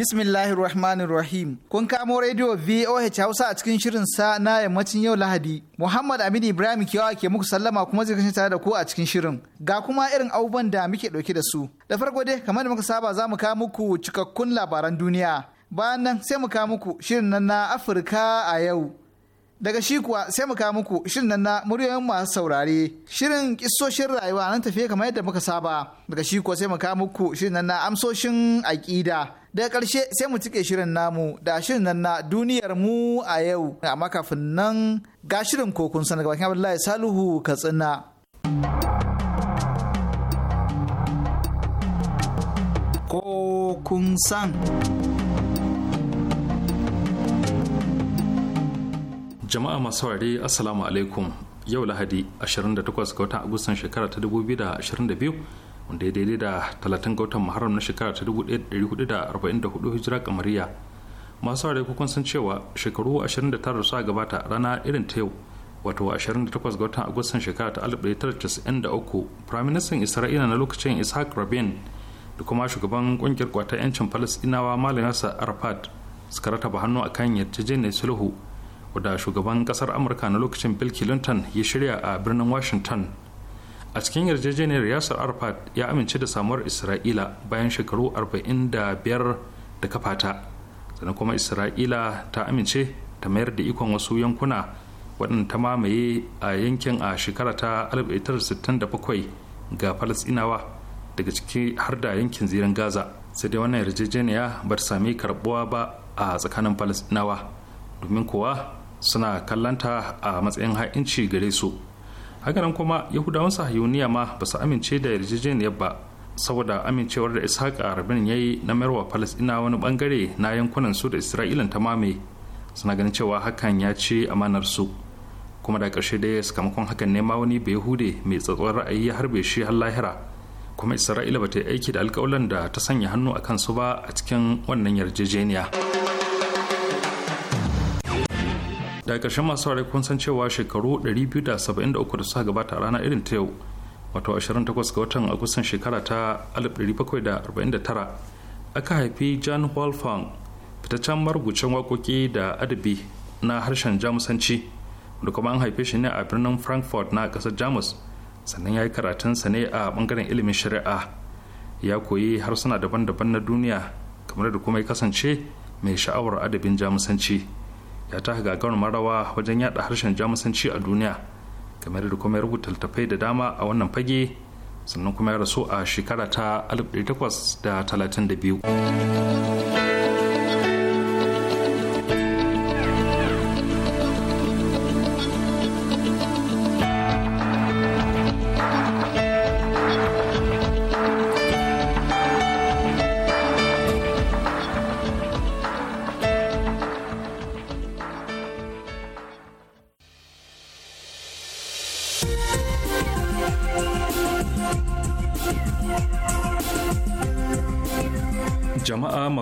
Bismillahir Rahmanir Rahim. Kun kamo rediyo VOH Hausa a cikin shirin sa na yammacin yau Lahadi. Muhammad Aminu Ibrahim Kiyawa ke muku sallama kuma zai kasance tare da ku a cikin shirin. Ga kuma irin abubuwan da muke ɗauke da su. Da farko dai kamar da muka saba za mu kawo muku cikakkun labaran duniya. Bayan nan sai mu kawo muku shirin nan na Afirka a yau. Daga shi kuwa sai mu kawo muku shirin nan na muryoyin masu saurare. Shirin kisoshin rayuwa nan tafiye kamar yadda muka saba. Daga shi kuwa sai mu kawo muku shirin nan na amsoshin aƙida. daga karshe sai mu cike shirin namu da shirin nan na duniyar mu a yau a makafin nan ga shirin kokun sanar gabakin abdullahi saluhu katsina kokun san jama'a masu ware assalamu alaikum yau lahadi 28 ga watan agustan shekara ta 2022 wanda ya daidai da 30 ga watan muharram na shekara ta 1444 hijira kamariya masu ware kukun sun cewa shekaru 29 sa gabata rana irin ta yau wato 28 ga watan agustan shekara ta 1993 firaministan isra'ila na lokacin ishaq rabin da kuma shugaban kungiyar kwata 'yancin falasdinawa malam yasa arafat suka rataba hannu akan yarjejeniyar sulhu wadda shugaban kasar amurka na lokacin bill clinton ya shirya a birnin washington a cikin yarjejeniyar yasir arfat ya amince da samuwar isra'ila bayan shekaru 45 da kafata sannan kuma isra'ila ta amince ta mayar da ikon wasu yankuna waɗanda ta mamaye a yankin a shekara ta 1967 ga falasinawa daga ciki har da yankin ziren gaza sai dai wannan yarjejeniya ba ta sami karbuwa ba a tsakanin falasinawa domin kuwa suna kallanta a matsayin ha'inci gare su hakanan kuma yahudawan sahayuniya ma ba su amince da yarjejeniyar ba saboda amincewar da ishaqa rabin ya yi na mayarwa palestina wani bangare na yankunan su da isra'ilan ta mame suna ganin cewa hakan ya ce amanar su kuma da ƙarshe ya sakamakon hakan nema wani bayahude mai tsatsuwar ra'ayi ya harbe shi har lahira kuma isra'ila ba ta yi aiki da alƙawalan da ta sanya hannu a kansu ba a cikin wannan yarjejeniya. da ƙarshen masu saurari kun san cewa shekaru 273 da suka gabata a rana irin ta yau wato 28 ga watan agustan shekara ta 1749 aka haifi jan wolfgang fitaccen marubucin waƙoƙi da adabi na harshen jamusanci da kuma an haife shi ne a birnin frankfurt na ƙasar jamus sannan ya yi karatunsa ne a ɓangaren ilimin shari'a ya koyi harsuna daban-daban na duniya kamar da kuma ya kasance mai sha'awar adabin jamusanci ya taka gagarumar marawa wajen yada harshen jamusanci a duniya game da kuma ya rubuta littattafai da dama a wannan fage sannan kuma ya rasu a shekara ta 1832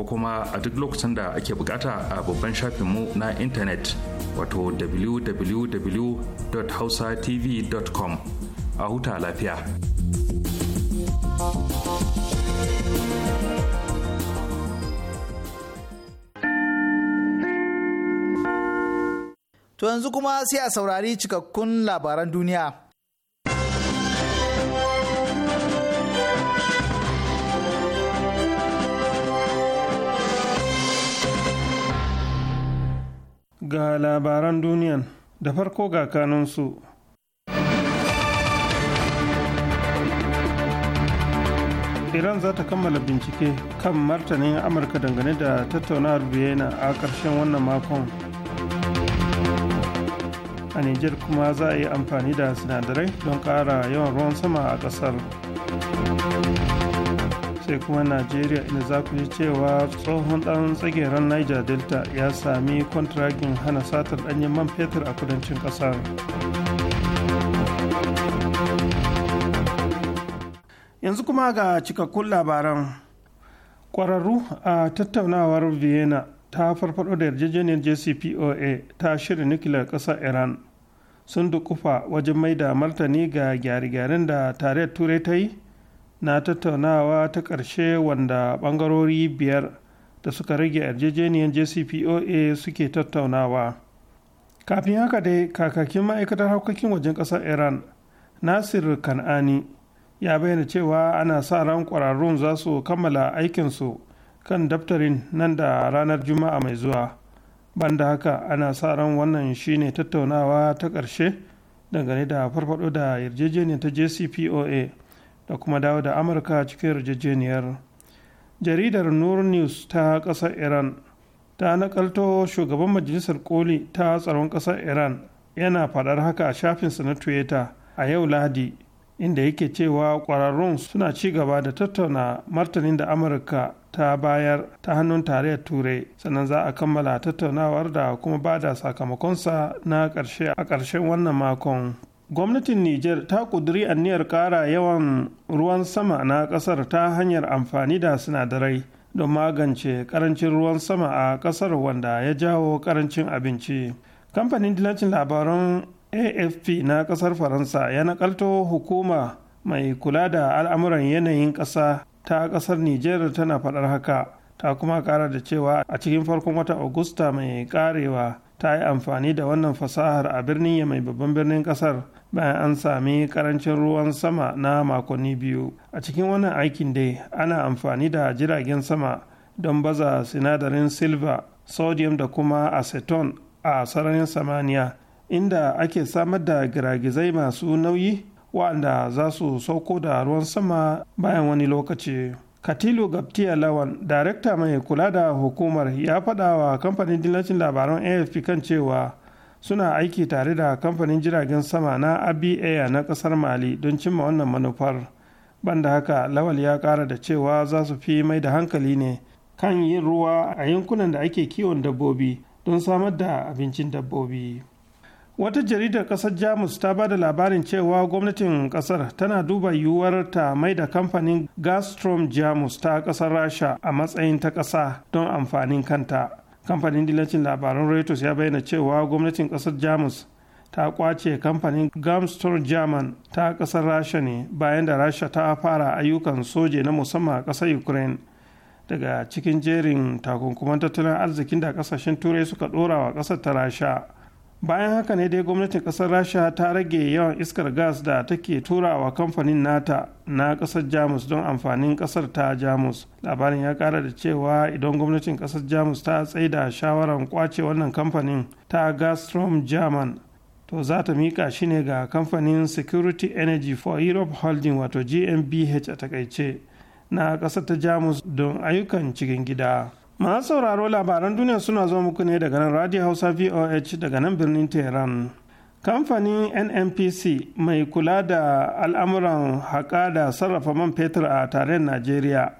ko kuma a duk lokacin da ake bukata a babban shafinmu na intanet wato www.hausatv.com a huta lafiya. To yanzu kuma sai a saurari cikakkun labaran duniya. ga labaran duniyan da farko ga kanunsu. Iran za ta kammala bincike kan martanin Amurka dangane da tattaunawar Vienna a ƙarshen wannan makon. A Nijar kuma za a yi amfani da sinadarai don ƙara yawan ruwan sama a ƙasar. sai kuma najeriya ina za ku ji cewa tsohon dan tsageren niger delta ya sami kwantiragin hana satar danyen man fetur a kudancin kasar yanzu kuma ga cikakkun labaran kwararru a tattaunawar vienna ta farfado da yarjejeniyar jcpoa ta shirin nukiliyar ƙasar iran sun dukufa wajen mai da martani ga gyare-gyaren da tarayyar turai ta yi na tattaunawa ta ƙarshe wanda ɓangarori biyar da suka rage yarjejeniyar jcpoa suke tattaunawa kafin haka dai kakakin ma'aikatar harkokin wajen ƙasar iran nasir kan'ani ya bayyana cewa ana sa ran ƙwararrun za su kammala aikinsu kan daftarin nan da ranar juma'a mai zuwa banda haka ana sa ran wannan shine tattaunawa ta ƙarshe dangane da farfado da yarjejeniyar ta jcpoa da kuma dawo da amurka cikin yarjejeniyar jaridar nur news ta ƙasar iran ta nakalto shugaban majalisar koli ta tsaron ƙasar iran yana faɗar haka a shafinsa na twitter a yau lahadi inda yake cewa ƙwararrun suna ci gaba da tattauna martanin da amurka ta bayar ta hannun tarayyar turai sannan za a kammala tattaunawar da kuma ba da sakamakonsa na ƙarshe a ƙarshen wannan makon gwamnatin niger ta ƙudiri anniyar ƙara yawan ruwan sama na ƙasar ta hanyar amfani da sinadarai don magance ƙarancin ruwan sama a ƙasar wanda ya jawo karancin abinci kamfanin dillacin labaran afp na ƙasar faransa ya nakalto hukuma mai kula da al'amuran yanayin ƙasa ta ƙasar niger tana faɗar haka ta kuma kara da cewa a cikin farkon watan agusta mai ƙarewa ta yi amfani da wannan fasahar a birnin ya mai babban birnin kasar bayan an sami karancin ruwan sama na makonni biyu a cikin wannan aikin dai ana amfani da jiragen sama don baza sinadarin silver sodium da kuma acetone a sararin samaniya inda ake samar da giragizai masu nauyi waɗanda za su sauko da ruwan sama bayan wani lokaci. Katilu Gaptiya Lawan, darekta mai kula da hukumar ya faɗa wa kamfanin dillacin labaran AFP kan cewa suna aiki tare da kamfanin jiragen sama na abi na kasar mali don cimma wannan manufar banda haka lawal ya kara da cewa za su fi mai da hankali ne kan yin ruwa a yankunan da ake kiwon dabbobi don samar da abincin dabbobi wata jaridar kasar jamus ta ba da labarin cewa gwamnatin kasar tana duba yiwuwar ta mai da kamfanin gastrom jamus ta kasar rasha a matsayin ta kasa don amfanin kanta kamfanin dillacin labaran reuters ya bayyana cewa gwamnatin kasar jamus ta kwace kamfanin gamstor german ta kasar rasha ne bayan da rasha ta fara ayyukan soje na musamman a kasar ukraine daga cikin jerin takunkuman tattalin arzikin da kasashen turai suka dora wa kasar ta rasha bayan haka ne dai gwamnatin kasar rasha ta rage yawan iskar gas da take turawa kamfanin nata na kasar jamus don amfanin kasar ta jamus labarin ya kara da cewa idan gwamnatin kasar jamus ta tsaida shawarar kwace wannan kamfanin ta gazprom german to za ta mika shi ne ga kamfanin security energy for europe holding wato gmbh a takaice na kasar ta jamus don ayyukan cikin gida. masu sauraro labaran duniya suna zo muku ne daga nan radio hausa voh daga nan birnin tehran kamfanin nnpc mai kula da al'amuran haƙa da sarrafa man fetur a tarayyar najeriya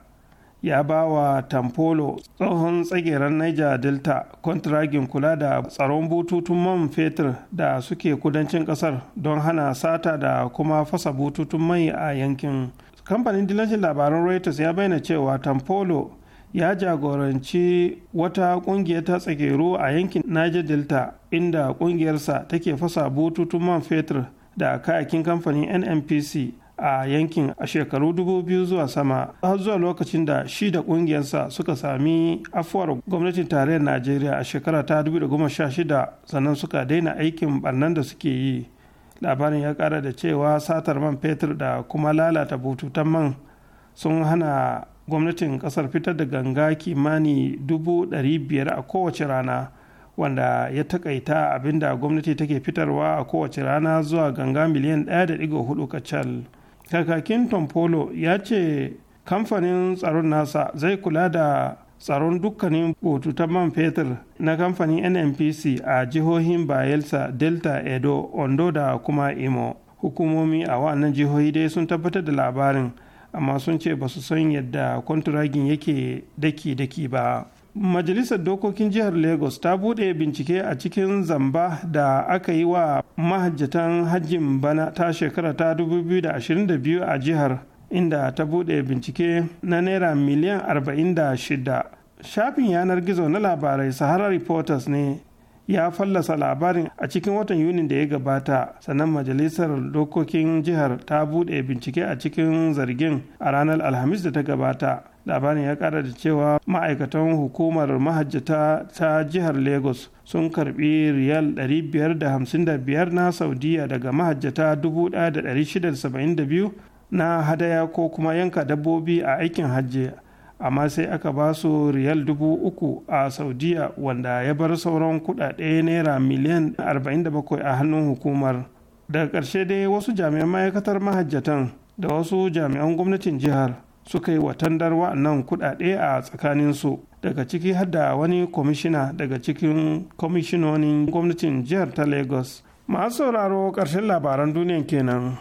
ya ba wa Tampolo. tsohon tsageren niger delta kwantiragin kula da tsaron bututun man fetur da suke kudancin kasar don hana sata da kuma fasa bututun mai a yankin kamfanin dilancin labaran reuters ya bayyana cewa Tampolo. ya jagoranci wata ƙungiyar ta tsakero a yankin niger delta inda ƙungiyarsa take fasa bututun man fetur da kayakin kamfanin nnpc a yankin a shekaru dubu biyu zuwa sama har zuwa lokacin da shi da ƙungiyarsa suka sami afuwar gwamnatin tarayyar najeriya a shekara ta shida sannan suka daina aikin barnan da suke yi labarin ya kara da cewa satar man fetur da kuma lalata bututun man sun hana gwamnatin kasar fitar da ganga kimani dubu biyar a kowace rana wanda ya takaita abinda gwamnati take fitarwa a kowace rana zuwa ganga miliyan 1.4 kacal kakakin tompolo ya ce kamfanin tsaron nasa zai kula da tsaron dukkanin bututun man fetur na kamfanin nnpc a jihohin bayelsa delta edo ondo da kuma imo hukumomi a wannan jihohi dai sun tabbatar da labarin amma sun ce ba su san yadda kwantiragin yake daki-daki ba majalisar dokokin jihar lagos ta buɗe bincike a cikin zamba da aka yi wa mahajjatan hajjin bana ta shekara ta 2022 a jihar inda ta buɗe bincike na naira miliyan 46 shafin yanar gizo na labarai sahara reporters ne ya fallasa labarin a cikin watan yunin da ya gabata sannan majalisar dokokin jihar ta bude bincike a cikin zargin a ranar alhamis da ta gabata labarin ya kara da cewa ma'aikatan hukumar mahajjata ta jihar lagos sun karbi riyal 555 na saudiya daga mahajjata 1672 na hadaya ko kuma yanka dabbobi a aikin hajji amma sai aka ba su riyal dubu uku a saudiya wanda ya bar sauran kudade naira miliyan 47 a hannun hukumar daga ƙarshe dai wasu jami'an ma'aikatar mahajjatan da wasu jami'an gwamnatin jihar suka yi watandar wa'annan kudade a tsakaninsu daga ciki har da wani kwamishina daga cikin kwamishinonin gwamnatin jihar ta lagos masu sauraro ƙarshen labaran duniya kenan.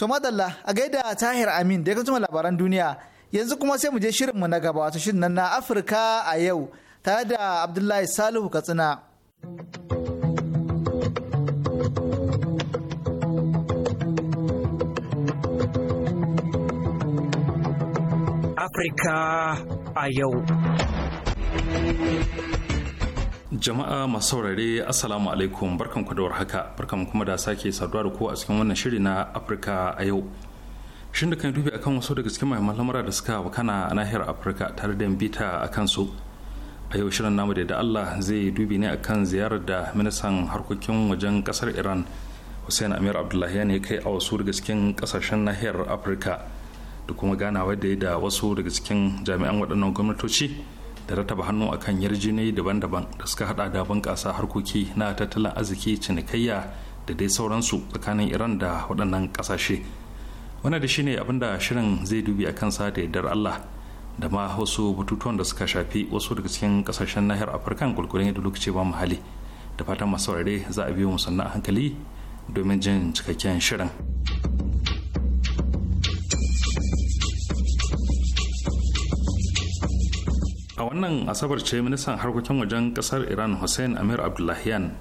To madalla a gaida Tahir Amin da ya kuma labaran duniya yanzu kuma sai mu je shirin mu na gaba wato shirin nan na Afirka a yau tare da Abdullahi Salihu Katsina. Afirka a yau. jama'a masu saurare assalamu alaikum barkan ku da warhaka barkan kuma da sake saduwa da ku a cikin wannan shiri na afirka a yau shin da kan dubi akan wasu daga cikin mahimman lamura da suka wakana a nahiyar afirka tare da bita a kansu a yau shirin namu da allah zai dubi ne akan ziyarar da ministan harkokin wajen kasar iran hussein amir abdullahi ne kai a wasu daga cikin kasashen nahiyar afirka da kuma ganawa da da wasu daga cikin jami'an waɗannan gwamnatoci da rataba hannu akan yarjejeniyoyi daban-daban da suka hada da bunƙasa harkoki na tattalin arziki cinikayya da dai sauransu tsakanin iran da waɗannan ƙasashe wani da shine abin da shirin zai dubi a kansa da yardar allah da ma wasu bututuwan da suka shafi wasu daga cikin ƙasashen nahiyar afirka kulkulin yadda lokaci ba muhali da fatan masu za a biyo musanna a hankali domin jin cikakken shirin. a wannan asabar ce ministan harkokin wajen kasar iran hussein amir abdullahian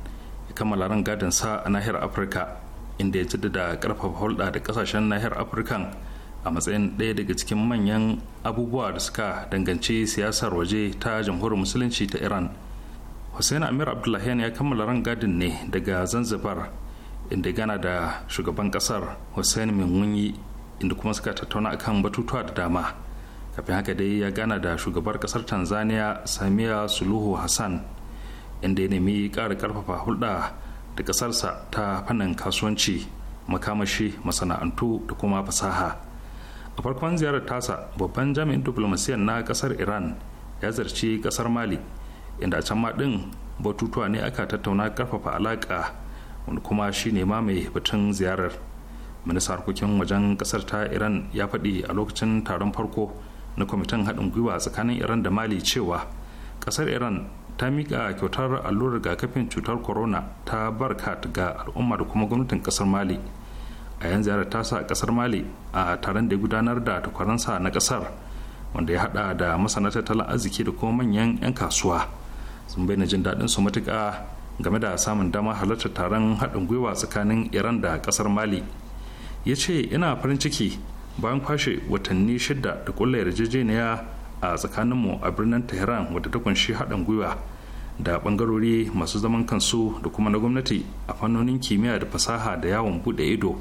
ya kammala ran gadin sa a nahiyar afirka inda ya jaddada karfafa hulɗa da kasashen nahiyar afirkan a matsayin ɗaya daga cikin manyan abubuwa da suka danganci siyasar waje ta jamhuriyar musulunci ta iran hussein amir abdullahian ya kammala ran gadin ne daga zanzibar inda gana da shugaban kasar hussein minwunyi inda kuma suka tattauna akan batutuwa da dama kafin haka dai ya gana da shugabar kasar tanzania samia suluhu hassan inda ya nemi ƙara ƙarfafa hulɗa da ƙasarsa ta fannin kasuwanci makamashi masana'antu da kuma fasaha a farkon ziyarar tasa babban jami'in diplomasiyan na ƙasar iran ya zarci ƙasar mali inda a can maɗin batutuwa ne aka tattauna ƙarfafa alaƙa wanda kuma shi ne ma mai batun ziyarar minista harkokin wajen ƙasar ta iran ya faɗi a lokacin taron farko na kwamitin haɗin gwiwa tsakanin iran da mali cewa ƙasar iran ta mika kyautar allurar rigakafin cutar corona ta barkat ga al'umma da kuma gwamnatin ƙasar mali a yan ziyarar tasa a ƙasar mali a taron da ya gudanar da takwaransa na ƙasar wanda ya haɗa da masana tattalin arziki da kuma manyan 'yan kasuwa sun na jin daɗin su matuƙa game da samun dama halartar taron haɗin gwiwa tsakanin iran da ƙasar mali ya ce ina farin ciki bayan kwashe watanni shida da kulla yarjejeniya a tsakaninmu a birnin tehran wadda ta kunshi haɗin gwiwa da ɓangarori masu zaman kansu da kuma na gwamnati a fannonin kimiyya da fasaha da yawon buɗe ido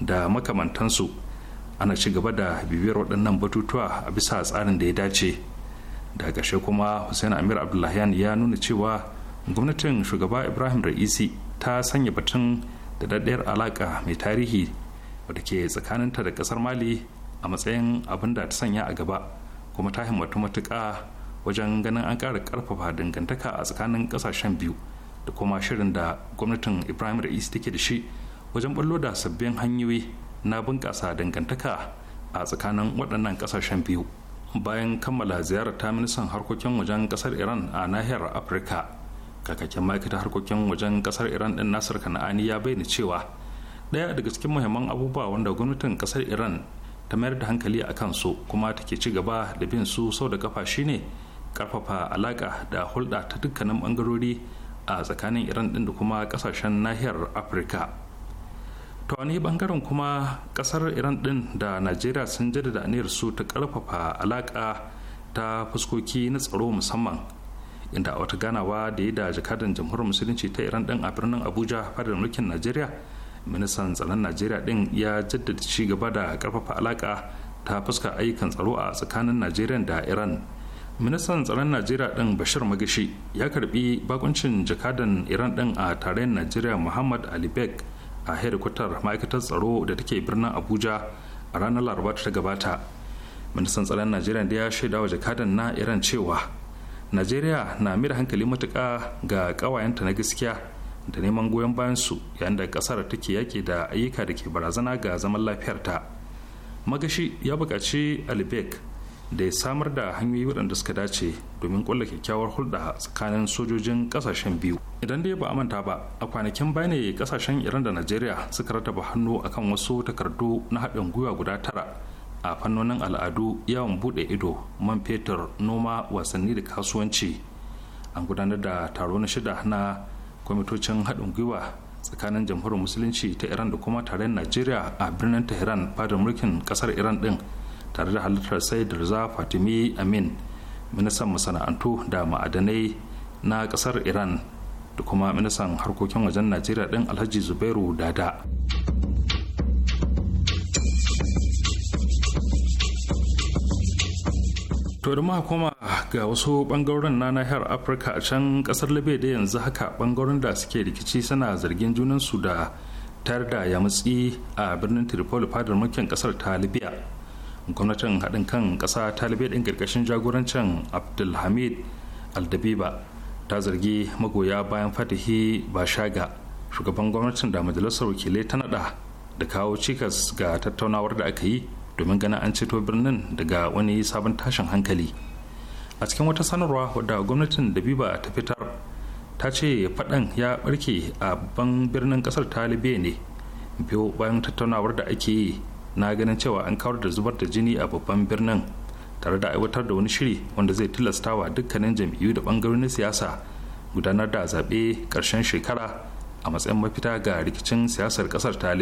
da makamantansu ana ci gaba da bibiyar waɗannan batutuwa a bisa tsarin da ya dace da ƙarshe kuma hussein amir abdullahian ya nuna cewa gwamnatin shugaba ibrahim ra'isi ta sanya batun da daɗayar alaƙa mai tarihi wadda ke tsakaninta da kasar mali a matsayin abin da ta sanya a gaba kuma ta himmatu matuka wajen ganin an ƙara ƙarfafa dangantaka a tsakanin ƙasashen biyu da kuma shirin da gwamnatin ibrahim da isi take da shi wajen ballo da sabbin hanyoyi na bunƙasa dangantaka a tsakanin waɗannan ƙasashen biyu bayan kammala ziyarar ta ministan harkokin wajen ƙasar iran a nahiyar afirka kakakken ma'aikatar harkokin wajen ƙasar iran ɗin nasir kana'ani ya bayyana cewa daya daga cikin muhimman abubuwa wanda gwamnatin kasar iran ta mayar da hankali a kansu kuma take ci gaba da bin su sau da kafa shine karfafa alaka da hulɗa ta dukkanin bangarori a tsakanin iran din da kuma kasashen nahiyar afirka ta wani ɓangaren kuma ƙasar iran ɗin da najeriya sun jaddada aniyar su ta karfafa alaka ta fuskoki na tsaro musamman inda a wata ganawa da ya da jakadan jamhuriyar musulunci ta iran ɗin a birnin abuja fadar mulkin najeriya ministan tsaron najeriya din ya jaddada ci gaba da karfafa alaka ta fuska ayyukan tsaro a tsakanin najeriya da iran ministan tsaron najeriya din bashir magashi ya karbi bakuncin jakadan iran din a tarayyar najeriya muhammad ali bek a hedikwatar ma'aikatar tsaro da take birnin abuja a ranar laraba ta gabata ministan tsaron najeriya da ya shaidawa jakadan na iran cewa najeriya na mira hankali matuka ga kawayenta na gaskiya da neman goyon bayansu su yayin da kasar take yaki da ayyuka da ke barazana ga zaman lafiyarta magashi ya buƙaci albek da ya samar da hanyoyi waɗanda suka dace domin ƙulla kyakkyawar hulɗa tsakanin sojojin ƙasashen biyu idan dai ba a manta ba a kwanakin bane ne ƙasashen iran da najeriya suka rataba hannu akan wasu takardu na haɗin gwiwa guda tara a fannonin al'adu yawon buɗe ido man fetur noma wasanni da kasuwanci an gudanar da taro na shida na kwamitocin haɗin gwiwa tsakanin jamhuriyar musulunci ta iran da kuma tarayyar najeriya a birnin tehran fadar mulkin ƙasar iran ɗin tare da halittar da rza fatimi amin ministan masana'antu da ma'adanai na ƙasar iran da kuma ministan harkokin wajen najeriya ɗin alhaji zubairu dada to da muka koma ga wasu bangaren na nahiyar afirka a can kasar libya da yanzu haka bangaren da suke rikici suna zargin junan su da tayar da yamutsi a birnin tripoli fadar mulkin kasar ta libya gwamnatin haɗin kan ƙasa ta libya ɗin ƙarƙashin jagorancin abdulhamid aldabiba ta zargi magoya bayan fatihi bashaga shugaban gwamnatin da majalisar wakilai ta naɗa da kawo cikas ga tattaunawar da aka yi domin ganin an ceto birnin daga wani sabon tashin hankali a cikin wata sanarwa wadda gwamnatin da biba ta fitar ta ce faɗan ya barke a babban birnin ƙasar ta ne biyo bayan tattaunawar da ake yi na ganin cewa an kawar da zubar da jini a babban birnin tare da aiwatar da wani shiri wanda zai tilasta wa dukkanin jam'iyyu da bangarorin siyasa gudanar da zaɓe ƙarshen shekara a matsayin mafita ga rikicin siyasar ƙasar ta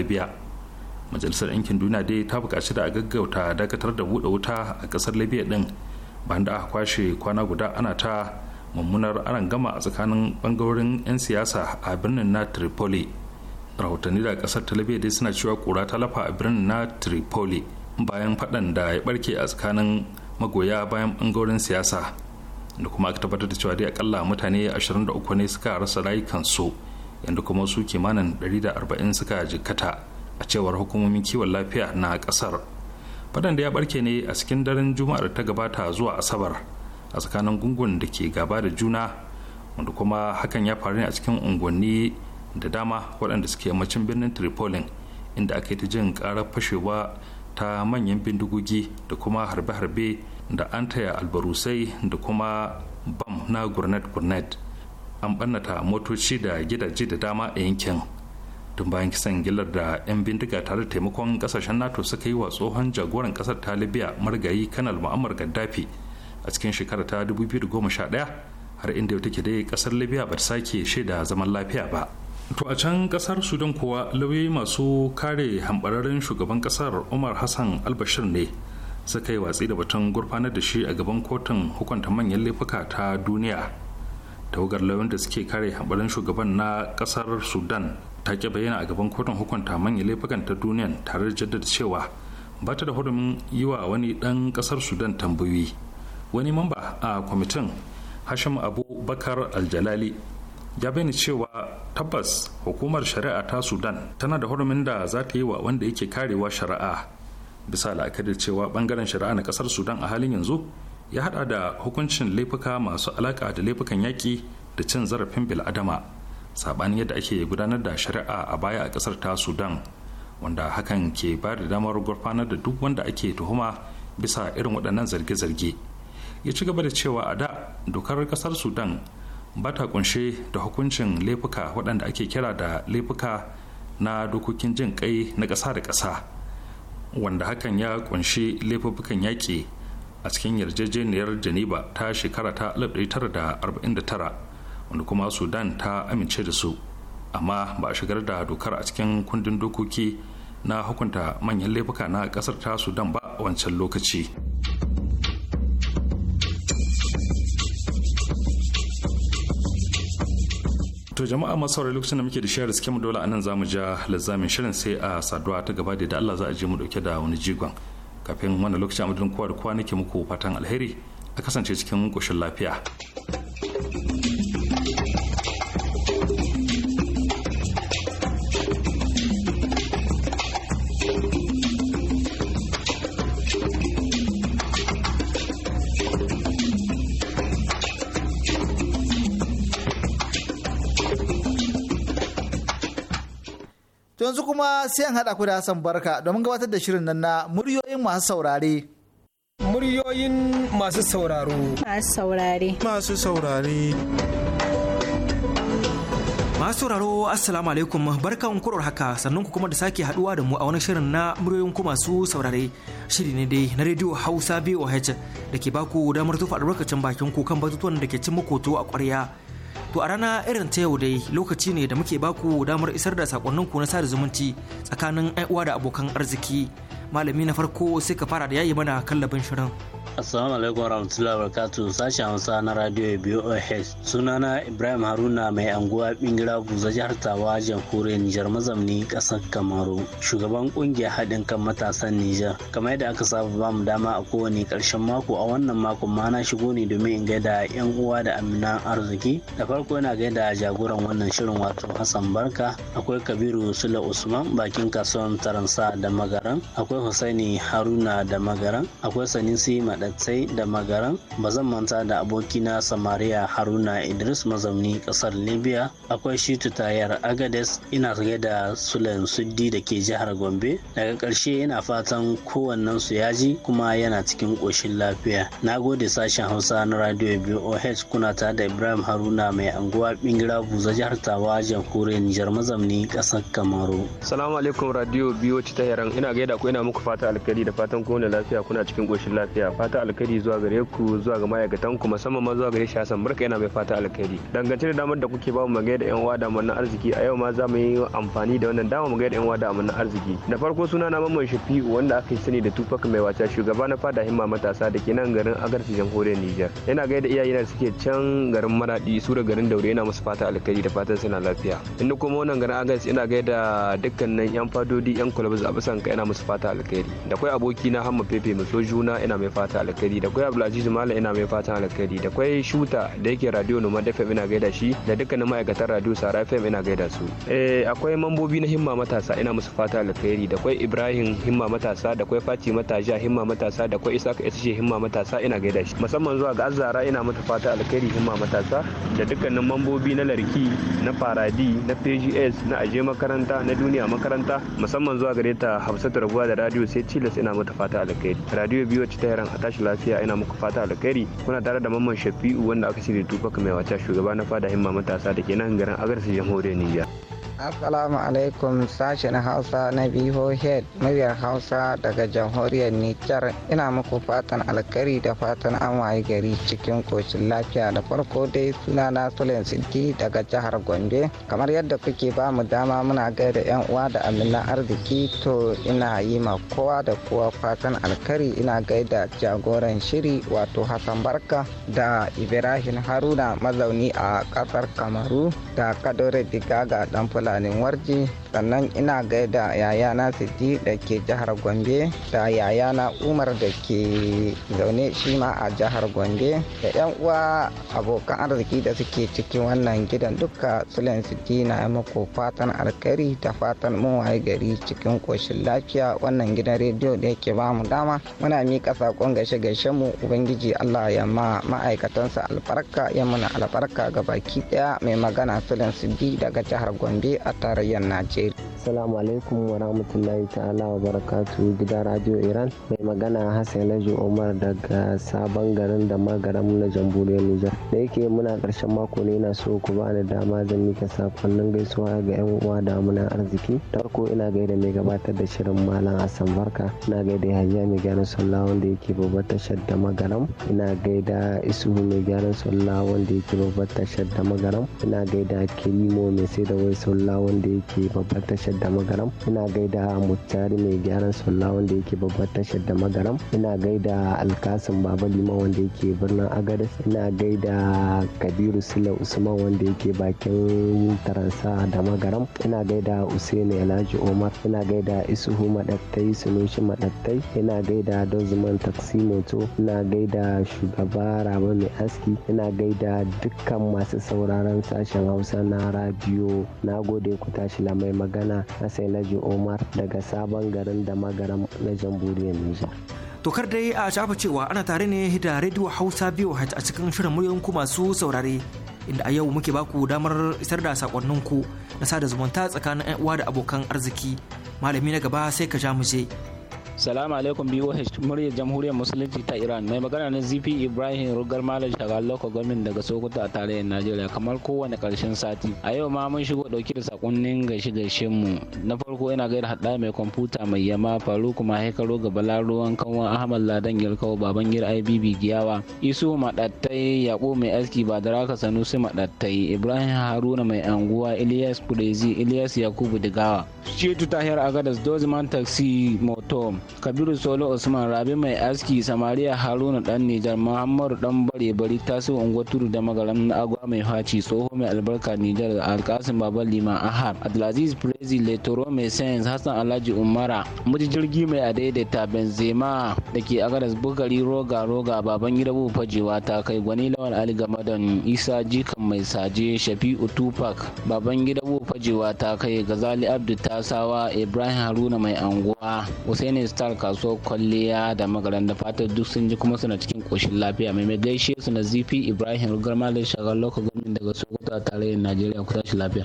majalisar yankin duniya dai ta buƙaci da a gaggauta dakatar da buɗe wuta a ƙasar libya ɗin bayan da aka kwashe kwana guda ana ta mummunar aran gama a tsakanin bangarorin 'yan siyasa a birnin na tripoli rahotanni da ƙasar ta libya dai suna cewa kura ta lafa a birnin na tripoli bayan faɗan da ya barke a tsakanin magoya bayan bangarorin siyasa da kuma aka tabbatar da cewa dai akalla mutane 23 ne suka rasa rayukansu yadda kuma su kimanin 140 suka jikkata a cewar hukumomin kiwon lafiya na kasar fadan da ya barke ne a cikin daren juma'ar ta gabata zuwa asabar a tsakanin gungun da ke gaba da juna wanda kuma hakan ya faru ne a cikin unguwanni da dama waɗanda suke yammacin birnin tripolin inda aka yi ta jin ƙarar fashewa ta manyan bindigogi da kuma harbe-harbe da an taya albarusai da kuma bam na gurnet-gurnet an ɓannata motoci da gidaje da dama a yankin tun bayan kisan gillar da 'yan bindiga tare da taimakon kasashen nato suka yi wa tsohon jagoran kasar ta libya marigayi kanal mu'ammar gaddafi a cikin shekara ta 2011 har inda yau take dai kasar libya ba sake shaida zaman lafiya ba to a can kasar sudan kuwa lauyoyi masu kare hambararren shugaban kasar umar hassan albashir ne suka yi watsi da batun gurfanar da shi a gaban kotun hukunta manyan laifuka ta duniya tawagar lauyoyin da suke kare hambarin shugaban na kasar sudan ta ke bayyana a gaban kotun hukunta manyan laifukan ta duniyan tare da jaddada cewa ba ta da hurumin yi wa wani ɗan ƙasar sudan tambayoyi wani mamba a kwamitin hashim abu bakar aljalali ya bayyana cewa tabbas hukumar shari'a ta sudan tana da hurumin da za ta yi wa wanda yake karewa shari'a bisa la'akari cewa bangaren shari'a na kasar sudan a halin yanzu ya hada da hukuncin laifuka masu alaka da laifukan yaƙi da cin zarafin bil'adama sabanin yadda ake gudanar da shari'a a baya a kasar ta sudan wanda hakan ke ba da damar gurfanar da duk wanda ake tuhuma bisa irin waɗannan zarge-zarge ya ci gaba da cewa a da dokar kasar sudan ba ta kunshe da hukuncin laifuka waɗanda ake kira da laifuka na dokokin jin kai na ƙasa da ƙasa wanda hakan ya kunshi laifukan yaƙi a cikin yarjejeniyar geneva ta shekara ta 1949 wanda kuma sudan ta amince da su amma ba a shigar da dokar a cikin kundin dokoki na hukunta manyan laifuka na kasar ta sudan ba a wancan lokaci to jama'a masu saurari lokacin da muke da da suke mu dole za mu ja lazzamin shirin sai a saduwa ta gaba da Allah za a je mu dauke da wani jigon kafin wannan lokacin a madadin kowa da kowa nake muku fatan alheri a kasance cikin koshin lafiya thank you yanzu kuma sai an haɗa ku da Hassan Barka domin gabatar da shirin nan na muryoyin masu saurare. Muryoyin masu sauraro. Masu saurare. Masu saurare. masu sauraro assalamu alaikum barkan kurar haka sannan ku kuma da sake haduwa da mu a wani shirin na muryoyin ku masu saurare shiri ne dai na rediyo hausa boh da ke baku damar tufa albarkacin bakin ku kan batutuwan da ke cin makoto a kwarya To a rana irin ta yau dai lokaci ne da muke baku damar isar da sakonninku na sada zumunci tsakanin uwa da abokan arziki. Malami na farko sai ka fara da yayi mana kallabin shirin. Assalamu alaikum wa barakatu sashen Hausa na radio BOH. Sunana Ibrahim Haruna mai anguwa Bingira Buza jihar Tawa jamhuriyar Nijar mazamni kasar Kamaru. Shugaban kungiyar haɗin kan matasan Nijar. Kamar yadda aka saba ba mu dama a kowane ƙarshen mako a wannan makon ma na shigo ne domin in gaida yan uwa da amina arziki. Da farko yana gaida jagoran wannan shirin wato Hassan Barka. Akwai Kabiru Sula Usman bakin kasuwan Taransa da Magaran. Akwai Hussaini Haruna da Magaran. Akwai Sanisi Maɗa madatsai da magaran ba zan manta da abokina samariya haruna idris mazauni kasar libya akwai shitu tayar agades ina rage da sulan suddi da ke jihar gombe daga karshe ina fatan kowannen su yaji kuma yana cikin koshin lafiya na gode sashen hausa na radio boh kuna ta da ibrahim haruna mai anguwa bingira buza jihar tawa jamhuriyar nijar mazamni kasar kamaru salamu alaikum radio boh ta ina gaida ku ina muku fata alkhairi da fatan kowane lafiya kuna cikin ƙoshin lafiya fata fata alkhairi zuwa gare ku zuwa ga ma'aikatan ku musamman ma zuwa gare shi Hassan Barka yana mai fata alkhairi dangance da damar da kuke ba mu magana da yan uwa da mun arziki a yau ma za mu yi amfani da wannan damar mu ga da yan uwa da mun arziki da farko suna na Mamman Shafi'u wanda aka yi sani da Tupac mai wata shugaba na fada himma matasa da ke nan garin Agarci jamhuriyar Nijar yana gaida iyayen da suke can garin Maradi su da garin Daure yana musu fata alkhairi da fatan suna lafiya inda kuma wannan garin Agarci ina gaida dukkanin yan fadodi yan kulubus a bisan ka yana musu fata alkhairi da kai aboki na Hamma Pepe mu so juna ina mai fata alkhairi da kwai abdulaziz malam ina mai fatan alkhairi da kwai shuta da yake radio noma da fm ina gaida shi da dukkanin ma'aikatan radio sara fm ina gaida su eh akwai mambobi na himma matasa ina musu fata alkhairi da kwai ibrahim himma matasa da kwai fati mataja himma matasa da kwai isaka ishe himma matasa ina gaida shi musamman zuwa ga azara ina mata fata alkhairi himma matasa da dukkanin mambobi na larki na faradi na pgs na aje makaranta na duniya makaranta musamman zuwa gareta hafsatu rabuwa da radio sai tilas ina mata fata alkhairi radio biyu ta yaran tashi lafiya ina muku fata alkhairi kuna tare da mamman shafi'u wanda aka shirya tufa mai wata shugaba na fada himma matasa da ke nan garin agarsu jamhuriyar nijar Assalamu alaikum sashen Hausa na Head muryar Hausa daga jamhuriyar Nijar ina muku fatan alkari da fatan an waye gari cikin koshin lafiya da farko dai suna na Sulen Siddi daga jihar Gombe kamar yadda kuke ba mu dama muna gaida yan uwa da aminan arziki to ina yi ma kowa da kowa fatan alkari ina gaida jagoran shiri wato Hassan Barka da Ibrahim Haruna mazauni a kasar Kamaru da Kadore Digaga dan fulanin warji sannan ina gaida yayana siddi da ke jihar gombe da yayana umar da ke zaune shi ma a jihar gombe da yan uwa abokan arziki da suke cikin wannan gidan duka sulen siddi na mako fatan alkari da fatan mun waye gari cikin koshin lafiya wannan gidan rediyo da yake ba mu dama muna miƙa saƙon gaishe gaishe mu ubangiji allah ya ma ma'aikatansa albarka ya muna albarka ga baki daya mai magana sulen siddi daga jihar gombe a tarayyar najeriya Assalamu alaikum wa rahmatullahi ta'ala wa barakatu gida Radio Iran. Mai magana Hassan Laji Umar daga sabon garin da magaram na jamhuriyar Nijar. Da yake muna karshen mako ne na so ku bani dama zan mika sakonnin gaisuwa ga yan uwa da muna arziki. Farko ina gaida mai gabatar da shirin Malam Hassan Barka. Ina gaida Hayya mai gyara sallah wanda yake babbar tashar da magaram. Ina gaida Isuhu mai gyaran sallah wanda yake babbar tashar da magaram. Ina gaida Kirimo mai sai da wai sulla wanda yake babbar tashar da magaram ina gaida muttari mai gyaran sulla wanda yake babbar tashar da magaram ina gaida alkasin baba lima wanda yake birnin agadis ina gaida kabiru sila usman wanda yake bakin taransa da magaram ina gaida usaini alhaji omar ina gaida isuhu madattai sunushi madattai ina gaida dozman taksi moto ina gaida shugaba raba mai aski ina gaida dukkan masu sauraron sashen hausa na radio na gode ku tashi la mai magana na Sainaji Omar daga sabon garin da magaram na jamhuriyar Nijar. kar dai a shafa cewa ana tare ne da Radio Hausa biyu a cikin shirin muryoyin ku masu saurare. Inda a yau muke baku damar isar da sakonnin ku na sada zumunta tsakanin 'yan uwa da abokan arziki. Malami na gaba sai ka ja mu je. salamu alaikum boh muryar jamhuriyar musulunci ta iran mai magana na zp ibrahim rugar malam shagal local government daga sokoto a tarayyar najeriya kamar kowane karshen sati a yau ma mun shigo ɗauki da sakonnin gaishe gaishen mu na farko yana gaida hada mai kwamfuta mai yama faru kuma haikaro ga balaruwan kanwa ahmad ladan yalkawa baban gir ibb giyawa isu madattai yabo mai aski ba da raka sanusi madattai ibrahim haruna mai anguwa ilyas kurezi ilyas yakubu digawa shetu tahir agadas doziman taxi motor kabiru solo usman rabi mai aski samariya haruna dan nijar muhammadu dan bare bari taso unguwa tudu da magaram na agwa mai faci tsoho mai albarka nijar alkasin baba lima ahar abdulaziz prezi letoro mai sayans hassan alhaji umara muji jirgi mai adaidaita benzema da ke agadas bukari roga roga baban gida fajewa ta kai gwani lawan ali gamadan isa jikan mai saje shafi'u tupac baban gida fajewa ta kai gazali abdu tasawa ibrahim haruna mai anguwa usaini star kasuwar kwalliya da magaran da fatar duk sun ji kuma suna cikin koshin lafiya mai mai gaishe su na zp ibrahim rugar malin shagar lokacin daga sokoto a tarayyar najeriya kusa tashi lafiya.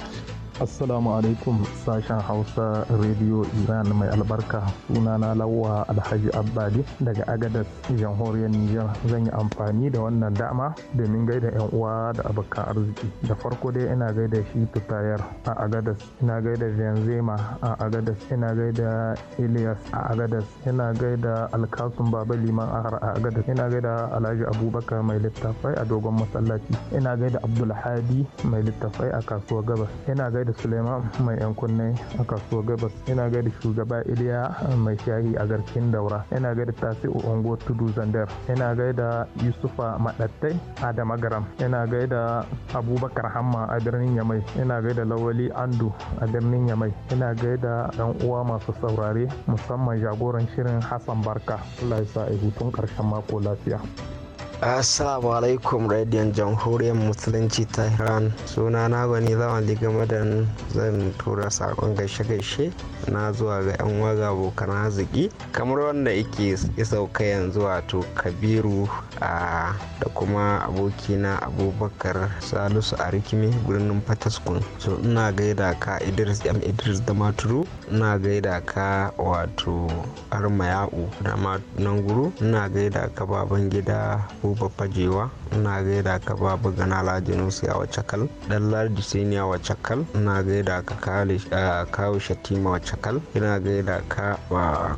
Assalamu alaikum sashen Hausa Radio Iran mai albarka sunana Lawwa Alhaji Abbali daga Agadas jamhuriyar Nijar zan yi amfani da wannan dama domin gaida yan uwa da abokan arziki da farko dai ina gaida shi tutayar a Agadas ina gaida Benzema a Agadas ina gaida Elias a Agadas ina gaida Alkasun Baba Liman Ahar a Agadas ina gaida Alhaji Abubakar mai littafai a dogon masallaci ina gaida Abdulhadi mai littafai a kasuwar Gabas ina gaida da Suleiman mai yan kunne a kasuwar gabas. Ina gaida shugaba Iliya mai shayi a garkin daura. Ina gaida Tasi'u Ungo Tudu Zandar. Ina gaida Yusufa Madattai a garam Ina gaida Abubakar Hamma a birnin Yamai. Ina gaida Lawali Andu a birnin Yamai. Ina gaida dan uwa masu saurare musamman jagoran shirin Hassan Barka. Allah ya sa a hutun karshen mako lafiya. Assalamu alaikum radiyon jamhuriyar musulunci ta Iran suna na gani lawan game madan zan tura saƙon gaishe-gaishe na zuwa ga 'yan waga abokan arziki kamar wanda yake sauka yanzu wato kabiru a da kuma abokina abubakar salisu a rikimi birnin fataskun so ina gaida ka idris m idris da maturu ina gaida ka wato armayau da nan guru ina gaida ka baban gida Ayuba Fajewa ina gaida ka babu gana Alhaji Nusi a Wacakal dan Ladi Sani a kal ina gaida ka Kawo Shatima a kal ina gaida ka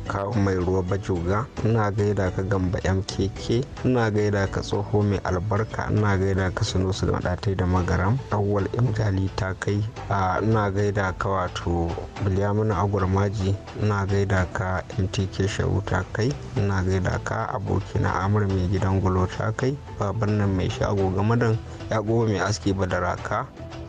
Kawo Mai Ruwa Bajoga ina gaida ka Gamba MKK ina gaida ka Tsoho Mai Albarka ina gaida ka Sunusu su da Magaram Awwal Imjali ta kai ina gaida ka wato Bilyaminu Agurmaji ina gaida ka MTK Shehu ta kai ina gaida ka abokina Amur Mai Gidan Gulota ta kai baban nan mai shago game da yakubu mai aski ba da raka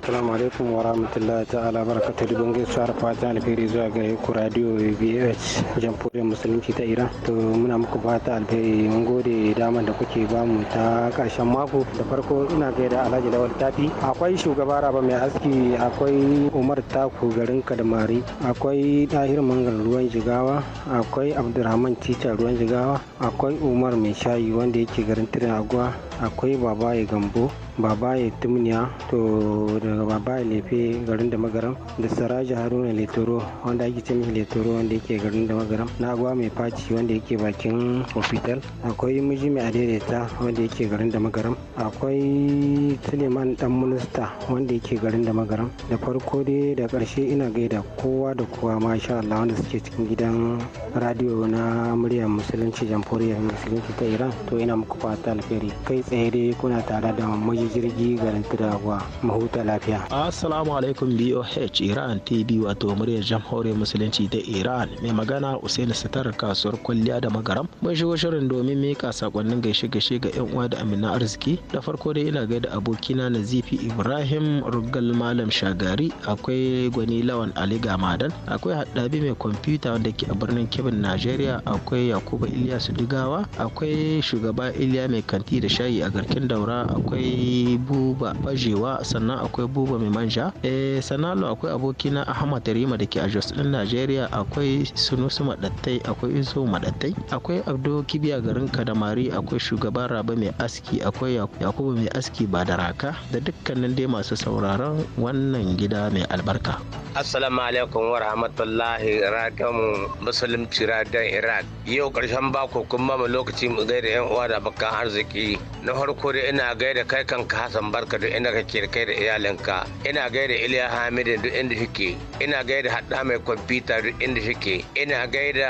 assalamu alaikum wa rahmatullahi ta'ala barakatuhu dubin gaisuwa fata alheri zuwa ga ku radio bh jamhuriyar musulunci ta iran to muna muku fata alheri mun gode damar da kuke bamu ta karshen mako da farko ina gaida alhaji lawal tafi akwai shugaba raba mai aski akwai umar taku garin kadamari akwai tahir mangal ruwan jigawa akwai abdulrahman tita ruwan jigawa akwai umar mai shayi wanda yake garin tirin agwa akwai babaye gambo babaye tumniya to daga babaye lefe garin da magaram da saraja haruna letoro wanda ake cin letoro wanda yake garin da magaram na agwa mai faci wanda yake bakin hospital akwai miji mai adaidaita wanda yake garin da magaram akwai suleiman dan minista wanda yake garin da magaram da farko dai da karshe ina gaida kowa da kowa masha Allah wanda suke cikin gidan radio na muryar musulunci jamhuriyar musulunci ta iran to ina muku fata alheri kai tsaye dai kuna tare da mamaji jirgi garin Turawa mahuta lafiya. Assalamu alaikum BOH Iran TV wato muryar jamhuriyar musulunci ta Iran mai magana Usain Sitar kasuwar kwalliya da magaram mun shigo shirin domin mika sakonnin gaishe gaishe ga yan uwa da amina arziki da farko dai ina gaida abokina na Nazifi Ibrahim Rugal Malam Shagari akwai Gwani Lawan Ali madan akwai Haddabi mai kwamfuta wanda ke a birnin Kebbi Najeriya akwai Yakuba Ilyasu Digawa akwai shugaba Iliya mai kanti da shayi yi a garkin daura akwai buba bajewa sannan akwai buba mai manja eh sanalo akwai abokina ahmad rima da ke a jos din najeriya akwai sunusu madattai akwai iso madattai akwai abdo kibiya garin kadamari akwai shugaban raba mai aski akwai yakubu mai aski ba da raka da dukkanin dai masu sauraron wannan gida mai albarka assalamu alaikum wa rahmatullahi radiyon musulunci radiyon iraq yau karshen bako kuma ba mu lokaci mu gaida yan uwa da bakan arziki na farko da ina gaida kai kanka Hassan Barka duk inda kake kai da iyalinka ina gaida Iliya Hamidin duk inda shike ina gaida Hadda mai kwamfuta duk inda shike ina gaida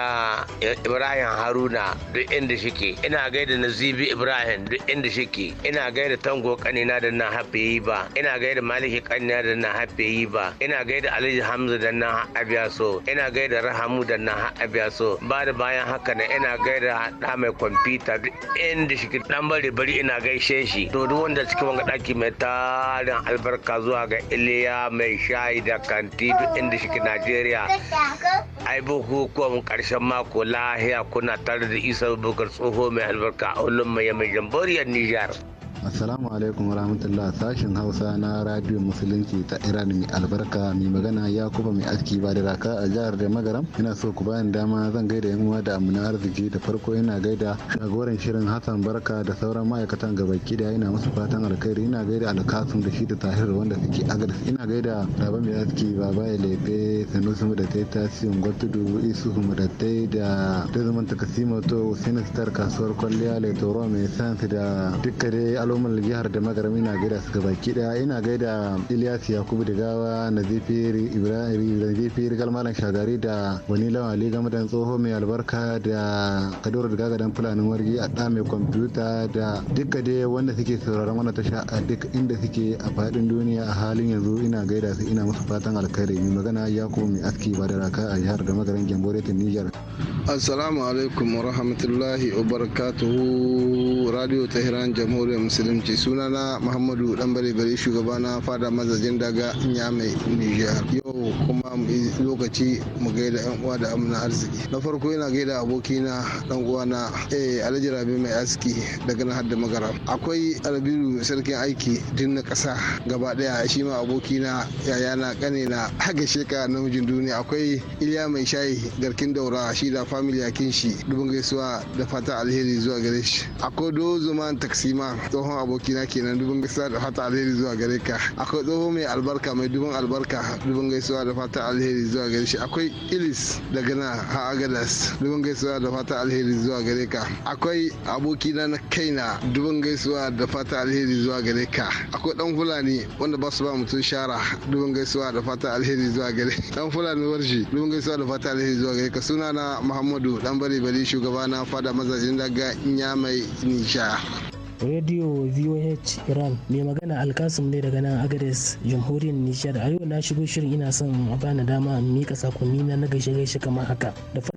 Ibrahim Haruna duk inda shike ina gaida Nazibi Ibrahim duk inda shike ina gaida Tango kanina da na hafe yi ba ina gaida Maliki kanina da na hafe yi ba ina gaida Alhaji Hamza da na abiya so ina gaida Rahamu da na abiya so ba da bayan haka na ina gaida Hadda mai kwamfuta duk inda shike dan bari bari ina gaishe shi to duk wanda cikin wanga daki mai tarin albarka zuwa ga iliya mai shayi da kanti duk inda shi najeriya ai bukukuwan karshen mako lahiya kuna tare da isa bukar tsoho mai albarka a ulun mai yamai jamboriyar nijar Assalamu alaikum warahmatullahi sashen Hausa na Radio Musulunci ta Iran mai albarka mai magana ya kuma mai aski ba da raka a jihar da magaram ina so ku bayan dama zan gaida yan uwa da amina arziki da farko ina gaida shagoran shirin Hassan Barka da sauran ma'aikatan gabaki da yana musu fatan Alkairi, ina gaida alkasun da shi da tahir wanda suke agadis ina gaida raba mai aski baba ya lefe sanusi yi tasiyon gwatudu isu, madatai da dazuman takasimoto sinistar kasuwar kwalliya laitoro mai sansu da dukkan dai domin jihar da magarami na gaida su gabaki daya ina gaida ilyas yakubu da gawa na zifiri ibrahim galmalan shagari da wani lawali game da tsoho mai albarka da kadoro da gagadan fulanin wargi a da mai kwamfuta da duka dai wanda suke sauraron wannan tasha a duk inda suke a faɗin duniya a halin yanzu ina gaida su ina musu fatan alkhairi mai magana yakubu mai aski ba da raka a jihar da magaran gembore niger assalamu alaikum wa rahmatullahi wa barakatuhu radio tehran jamhuriyar musulmi musulunci sunana muhammadu dan bare bare shugaba na fada mazajen daga nyamai niger yau kuma lokaci mu gaida yan uwa da amna arziki na farko yana gaida abokina dan uwana eh alhaji rabi mai aski daga nan hadda magara akwai albiru sarkin aiki din na kasa gaba daya shi ma abokina yayana kane na haga sheka na mijin duniya akwai iliya mai shayi garkin daura shi da family yakin shi dubin gaisuwa da fata alheri zuwa gare shi akwai dozuman taksima tsohon abokina kenan dubin gaisuwa da fata alheri zuwa gare ka akwai tsoho mai albarka mai dubin albarka dubin gaisuwa da fata alheri zuwa gare shi akwai ilis daga na ha agadas dubin gaisuwa da fata alheri zuwa gare ka akwai abokina na kaina dubin gaisuwa da fata alheri zuwa gare ka akwai dan fulani wanda ba su ba mutum shara dubin gaisuwa da fata alheri zuwa gare dan fulani warji dubin gaisuwa da fata alheri zuwa gare ka suna na muhammadu dan bari bari shugaba na fada mazajin daga inya mai nisha Radio VOH Iran mai magana Alkasim ne daga nan Agades Jamhuriyar Nijar a yau na shigo shirin ina son a bani dama in mika sakonni na na gaishe gaishe kamar haka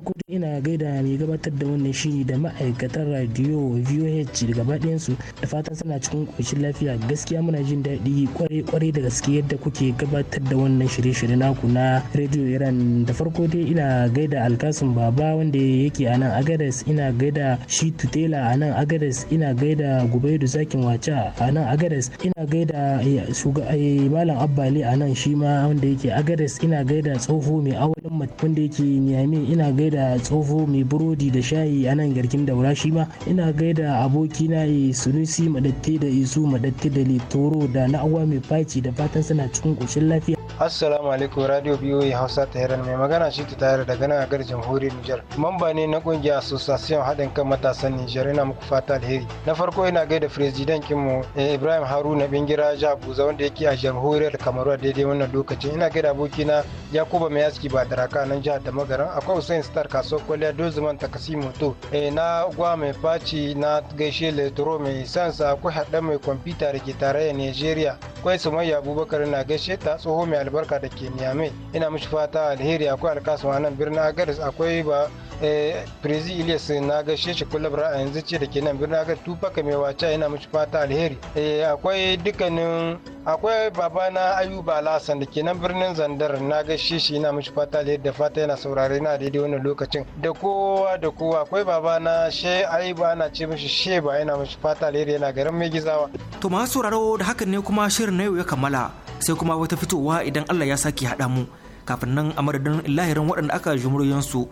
kudu ina gaida mai gabatar da wannan shiri da ma'aikatan radio voh gaba ɗayansu da fatan suna cikin ƙoshin lafiya gaskiya muna jin daɗi kwarai kwarai da gaske yadda kuke gabatar da wannan shirye-shirye naku na radio iran da farko dai ina gaida alkasun baba wanda yake a nan agares ina gaida shi tutela a nan agares ina gaida gubaidu zakin wacha a nan agares ina gaida eh, eh, malam abbali a nan shi ma wanda yake agares ina gaida tsoho mai awali Muhammad wanda yake niyame ina gaida tsoho mai burodi da shayi a nan garkin daura shi ma ina gaida abokina e sunusi madatte da isu madatte da litoro da na'awa mai faci da fatan suna cikin ƙoshin lafiya assalamu alaikum radio biyoyi hausa tahiran mai magana shi ta tare daga nan a gar jamhuriyar nijar mamba ne na kungiyar association haɗin kan matasan nijar ina muku fata alheri na farko ina gaida president kinmu eh, ibrahim haruna bingira jabuza wanda yake a jamhuriyar kamaru a daidai wannan lokacin ina gaida abokina yakuba mayaski ba daraka nan jihar da magaran akwai hussein star kasuwar kwaliya dozuman takasi moto eh, na gwa mai faci na gaishe letro mai sansa akwai haɗa mai kwamfuta da ke tare da nigeria Kwai sumayya abubakar na gaishe ta tsoho mai albarka da ke niyame ina mishi fata alheri akwai alkasuwa nan birnin agaris akwai ba eh, prezi ilias na ga shi kullum a yanzu ce da ke nan birnin agaris tupaka mai wace ina mishi fata alheri eh, akwai dukkanin akwai babana ayuba lasan da ke nan birnin zandar na ga shi ina mishi fata alheri da fata yana saurare na daidai wannan lokacin da kowa da kowa akwai babana she ayuba ana ce mishi she ba yana mishi fata alheri yana garin mai gizawa to masu sauraro da hakan ne kuma shirin na yau ya kammala sai kuma wata fitowa idan idan Allah ya sake haɗa mu kafin nan a madadin lahirin waɗanda aka jumuriyansu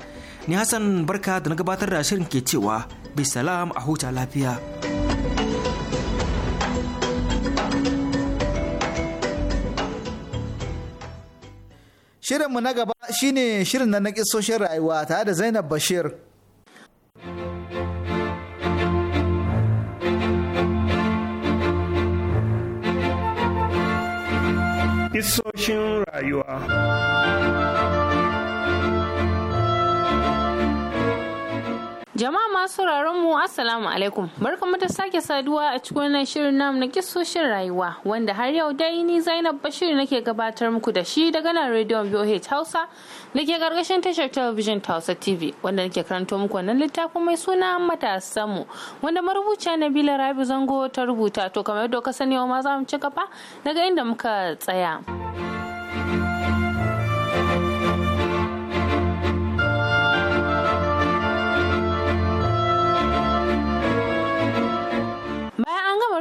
ni Hassan barka da na gabatar da shirin ke cewa bai salam a huta lafiya. Shirinmu na gaba shine shirin na na rayuwa tare da Zainab Bashir. Isoshin rayuwa. Jama'a sauraron mu assalamu alaikum mu ta sake saduwa a cikin wannan shirin namu na kisoshin rayuwa wanda har yau dai ni Zainab Bashir nake gabatar muku da shi daga nan Radio VOH Hausa nake gargashin tashar Television ta Hausa TV wanda nake karanto muku wannan littafin mai suna matasan mu wanda marubuciya Nabila Rabi Zango ta rubuta to kamar yadda ka sani ma za mu ci gaba daga inda muka tsaya.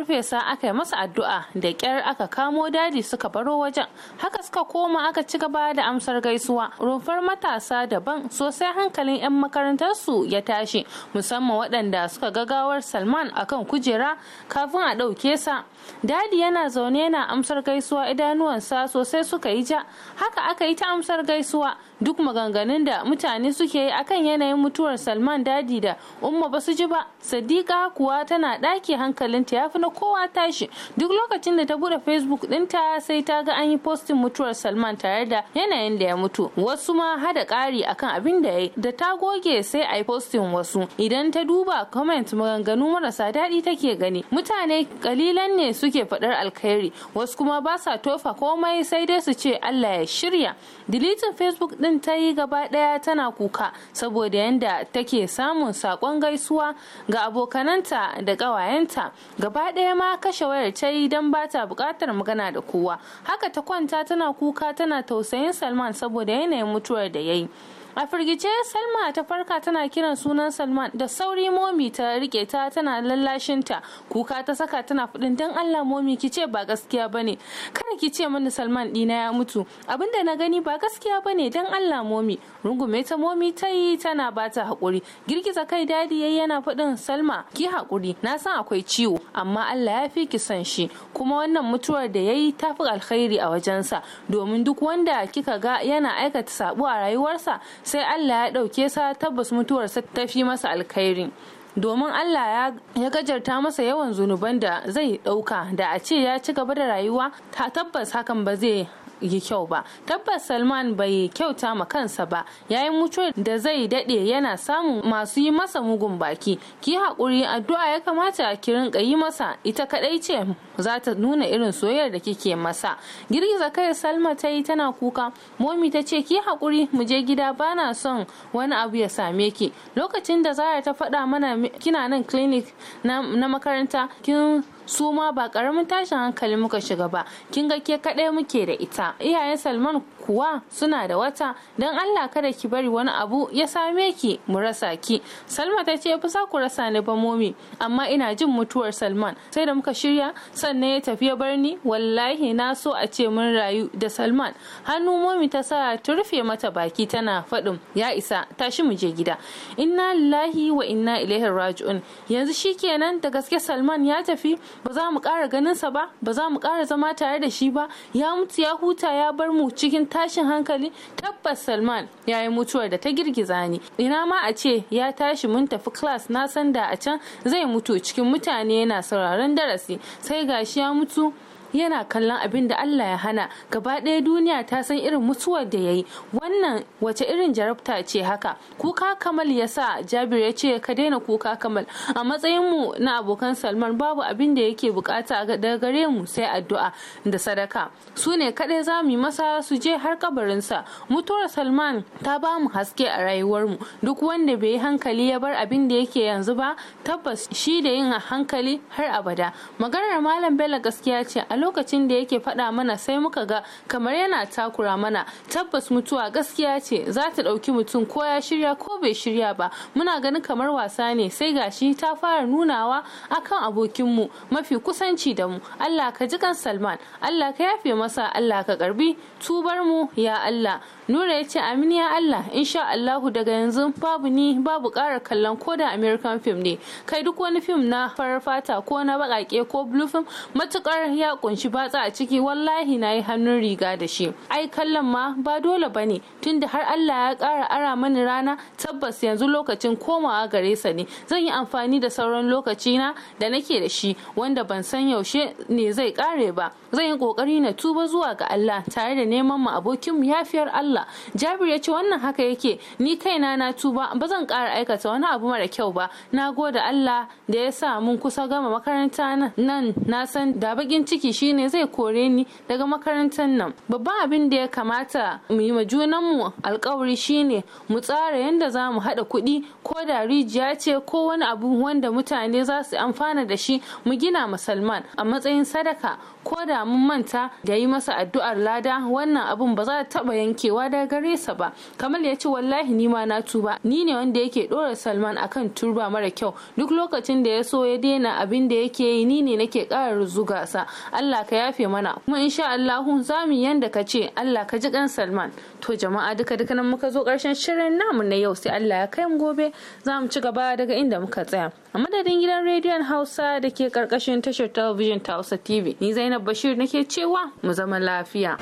karfe sa aka yi masa addu'a da kyar aka kamo daji suka baro wajen haka suka koma aka ci gaba da amsar gaisuwa rumfar matasa daban sosai hankalin 'yan makarantarsu ya tashi musamman waɗanda suka gagawar salman akan kujera kafin a ɗauke sa dadi yana zaune yana amsar gaisuwa idanuwansa sosai suka yi ja haka aka yi ta amsar gaisuwa duk maganganun da mutane suke yi akan yanayin mutuwar salman dadi da umma su ji ba sadiqa kuwa tana ɗaki hankalinta ya fi na kowa tashi duk lokacin da ta buɗe facebook ɗinta sai ta ga an yi postin mutuwar salman tare da yanayin da ya mutu wasu ma hada ƙari akan abin da ya yi da ta goge sai a yi postin wasu idan ta duba comment maganganu marasa daɗi take gani mutane kalilan ne suke faɗar alkhairi wasu kuma ba sa tofa komai sai dai su ce allah ya shirya dilitin facebook ɗin ta yi gaba ɗaya tana kuka saboda yadda take samun saƙon gaisuwa ga abokananta da ƙawayenta gaba ɗaya ma kashe wayar ta yi don ba ta buƙatar magana da kowa haka ta kwanta tana kuka tana tausayin salman saboda yanayin mutuwar da ya yi a firgice salma ta farka tana kiran sunan salman da sauri momi ta rike ta tana lallashinta kuka ta saka tana fudin dan allah momi ki ce ba gaskiya bane kana ki ce mana salman dina ya mutu abinda na gani ba gaskiya bane dan allah momi rungume ta momi ta yi tana bata hakuri girgiza kai dadi yayi yana fudin salma ki hakuri na san akwai ciwo amma allah ya fi ki san shi kuma wannan mutuwar da yayi ta fi alkhairi a wajensa domin duk wanda kika ga yana aikata sabo a rayuwarsa sai Allah ya ɗauke sa tabbas mutuwarsa ta fi masa alkhairi domin Allah ya gajarta masa yawan zunuban da zai ɗauka da a ce ya ci gaba da rayuwa ta tabbas hakan ba zai yi kyau ba tabbas salman bai kyauta ma kansa ba yayin mutuwar da zai dade yana samun masu yi masa mugun baki ki haƙuri addu'a ya kamata ki rinka yi masa ita kadai ce za ta nuna irin soyayyar da kike masa girgiza kai salma ta yi tana kuka momi ta ce ki haƙuri mu je gida bana son wani abu ya same ki lokacin da zara ta faɗa mana kina nan clinic na makaranta kin su ma ba ƙaramin tashin hankali muka shiga ba kin ga ke kaɗai muke da ita iyayen salman kuwa suna da wata don Allah kada ki bari wani abu ya same ki mu rasa ki Salma ta ce fusa ku rasa ni ba momi amma ina jin mutuwar Salman sai da muka shirya sannan ya tafi ya bar wallahi na so a ce mun rayu da Salman hannu momi ta sa ta rufe mata baki tana faɗin ya isa tashi mu je gida inna lillahi wa inna ilaihi raji'un yanzu shi shikenan da gaske Salman ya tafi ba za mu ƙara ganin sa ba ba za mu ƙara zama tare da shi ba ya mutu ya huta ya bar mu cikin tashin hankali tabbas salman ya yi mutuwar da ta girgiza ni ina ma a ce ya tashi mun tafi class na sanda a can zai mutu cikin mutane yana sauraron darasi sai gashi ya mutu yana kallon abin da Allah ya hana gaba ɗaya duniya ta san irin mutuwar da ya yi wannan wace irin jarabta ce haka kuka kamal ya sa jabir ya ce ka daina kuka kamal a matsayin mu na abokan salman babu abin da yake bukata daga gare mu sai addu'a da sadaka su ne kaɗai za mu yi masa su je har kabarinsa mutuwar salman ta ba mu haske a rayuwar mu duk wanda bai yi hankali ya bar abin da yake yanzu ba tabbas shi da yin hankali har abada maganar malam bello gaskiya ce a lokacin da yake faɗa mana sai muka ga kamar yana takura mana tabbas mutuwa gaskiya ce za ta ɗauki mutum ko ya shirya ko bai shirya ba muna ganin kamar wasa ne sai gashi ta fara nunawa akan abokinmu mafi kusanci da mu Allah ka ji kan Salman Allah ka yafe masa Allah ka karbi tubar mu ya Allah Nura ya ce Amini, ya Allah insha Allahu daga yanzu babu ni babu ƙara kallon ko da American film ne kai duk wani film na farar fata ko na baƙaƙe ko blue film matukar ya kunshi batsa a ciki wallahi na yi hannun riga da shi ai kallon ma ba dole ba bane tunda har Allah ya ƙara ara mani rana tabbas yanzu lokacin komawa gare sa ne zan yi amfani da sauran lokaci na da nake da shi wanda ban san yaushe ne zai ƙare ba zan yi ƙoƙari na tuba zuwa ga Allah tare da neman mu abokin yafiyar Allah Allah Jabir ya ce wannan haka yake ni kaina na tuba ba zan ƙara aikata wani abu mara kyau ba na gode Allah da ya sa mun kusa gama makaranta nan na san da bakin ciki shine zai kore ni daga makarantar nan babban abin da ya kamata mu yi ma junanmu alkawari shine mu tsara yadda za mu haɗa kuɗi ko da rijiya ce ko wani abu wanda mutane za su amfana da shi mu gina musulman a matsayin sadaka ko da mun manta da yi masa addu'ar lada wannan abun ba za ta taba yankewa da gare sa ba kamar ya ce wallahi ni ma na tuba ni ne wanda yake dora salman akan turba mara kyau duk lokacin da ya so ya daina abin da yake yi ni ne nake kara zuga sa allah ka yafe mana kuma insha allahu za mu yanda ka ce allah ka ji kan salman to jama'a duka duka nan muka zo karshen shirin namu na yau sai allah ya kai mu gobe za mu ci gaba daga inda muka tsaya a madadin gidan rediyon hausa da ke karkashin tashar talabijin ta hausa tv ni zainab Zainab Bashir nake cewa mu zama lafiya.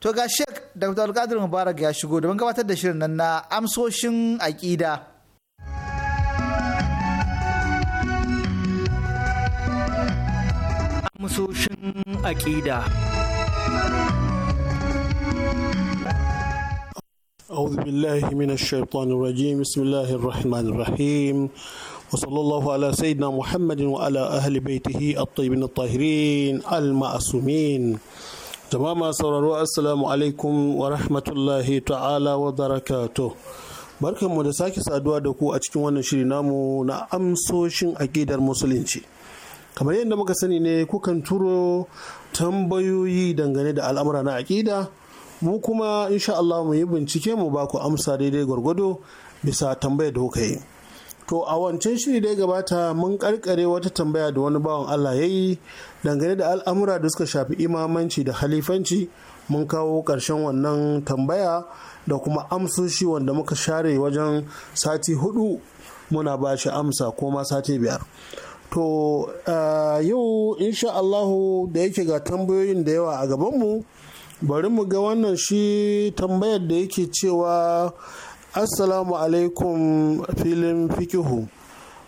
To ga Sheikh Dr. Alkadir Mubarak ya shigo domin gabatar da shirin nan na amsoshin aƙida. amsoshin aƙida. أعوذ بالله من الشيطان الرجيم بسم الله الرحمن الرحيم وصلى الله على سيدنا محمد وعلى أهل بيته الطيبين الطاهرين المعصومين تماما سرروا السلام عليكم ورحمة الله تعالى وبركاته barkan mu da sake saduwa da ku a cikin wannan shiri namu na amsoshin aƙidar musulunci kamar yadda muka sani ne kukan turo tambayoyi dangane da al'amura na aƙida mu kuma insha Allah mu yi bincike mu ba ku amsa daidai gwargwado bisa tambayar da kuka to a wancan shiri da ya gabata mun karkare wata tambaya da wani bawan Allah ya yi dangane da al'amura da suka shafi imamanci da halifanci mun kawo ƙarshen wannan tambaya da kuma amsoshi wanda muka share wajen sati hudu muna ba shi amsa ko ma sati biyar to eh, yau insha Allahu da yake ga tambayoyin da yawa a gabanmu bari mu ga wannan shi tambayar da yake cewa assalamu alaikum filin fikihu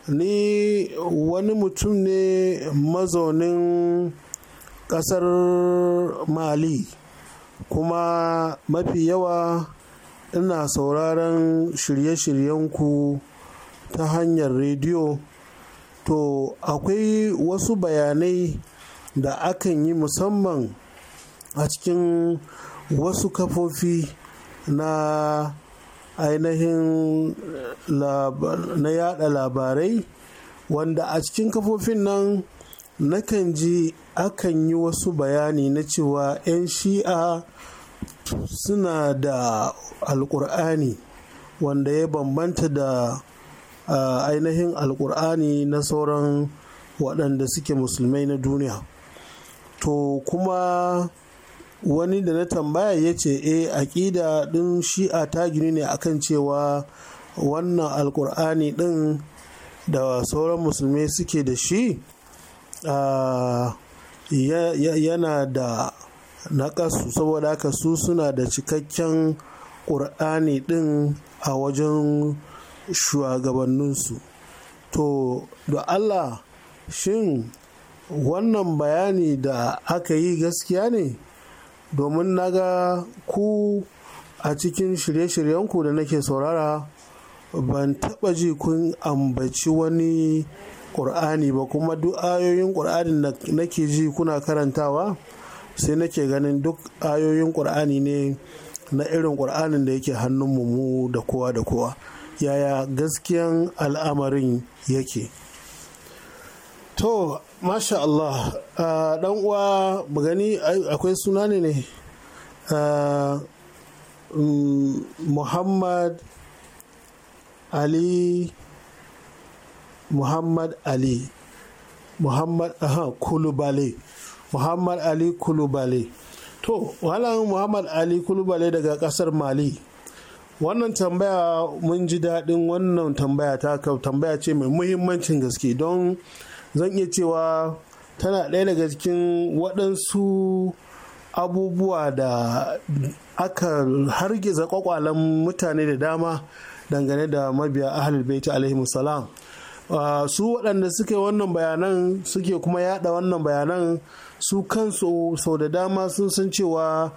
ni wani mutum ne mazaunin ƙasar mali kuma mafi yawa ina sauraron shirye-shiryenku ta hanyar rediyo to akwai wasu bayanai da akan yi musamman a cikin wasu kafofi na ainihin eh, na yada labarai wanda a cikin kafofin nan nakan ji akan yi wasu bayani na cewa 'yan shi'a suna da alkur'ani wanda ya bambanta da eh, ainihin alkur'ani na sauran waɗanda suke musulmai na duniya to kuma wani da na tambaya ya ce e aƙida ɗin shi'a ta gini ne akan cewa wannan alkur'ani ɗin da sauran musulmai suke da shi yana da naƙasu saboda haka su suna da cikakken ƙur'ani ɗin a wajen shugabanninsu to da allah shin wannan bayani da aka yi gaskiya ne domin naga ku a cikin shirye-shiryenku da nake saurara ban taɓa ji kun ambaci wani ƙur'ani ba kuma duk ayoyin ƙur'anin da nake ji kuna karantawa sai nake ganin duk ayoyin ƙur'ani ne na irin ƙur'anin da yake hannunmu mu da kowa da kowa yaya gaskiyan al'amarin yake to Masha Allah, ah, uwa mu gani akwai suna ne ne? Ah, mm, Muhammad Ali Muhammad Ali Muhammad Kulubale Muhammad Ali Kulubale To, wahalar Muhammad Ali Kulubale daga ƙasar Mali. Wannan tambaya mun ji daɗin wannan tambaya ta tambaya ce mai muhimmancin gaske don zan iya cewa tana ɗaya daga cikin waɗansu abubuwa da aka hargiza kwakwalen mutane da dama dangane da mabiya ahalil baiti alaihi salam ah, su waɗanda suke wannan bayanan suke kuma yada wannan bayanan su kansu sau da dama sun san cewa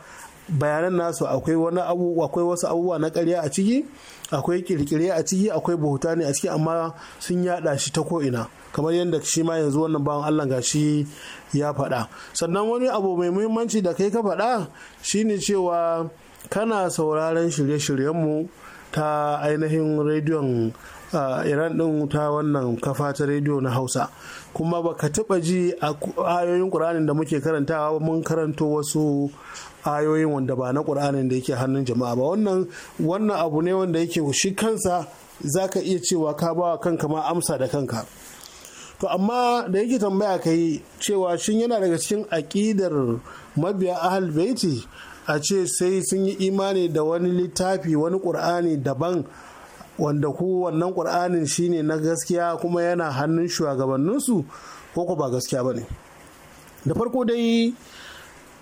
bayanan nasu akwai wani akwai wasu abubuwa na karya a ciki akwai kirkire a ciki akwai buhuta ne a ciki amma sun yada shi ta ko'ina kamar yadda shi ma yanzu wannan bawan Allah gashi ya faɗa sannan wani abu mai muhimmanci da kai ka faɗa shine cewa kana sauraren shirye-shiryenmu ta ainihin rediyon ah, iran ɗin ta wannan kafa ta rediyo na hausa kuma baka taɓa ji a ayoyin ƙuranin da muke karantawa mun karanto wasu ayoyin wanda ba na ƙur'anin da yake hannun jama'a ba wannan wannan abu ne wanda yake shi kansa za ka iya cewa ka bawa kanka ma amsa da kanka to amma da yake tambaya kai cewa shin yana daga cikin aƙidar mabiya ahal baiti a ce sai sun yi imani da wani littafi wani ƙur'ani daban wanda ku wannan ƙur'anin shine na gaskiya kuma yana hannun shugabanninsu ko ku ba gaskiya ba ne da farko dai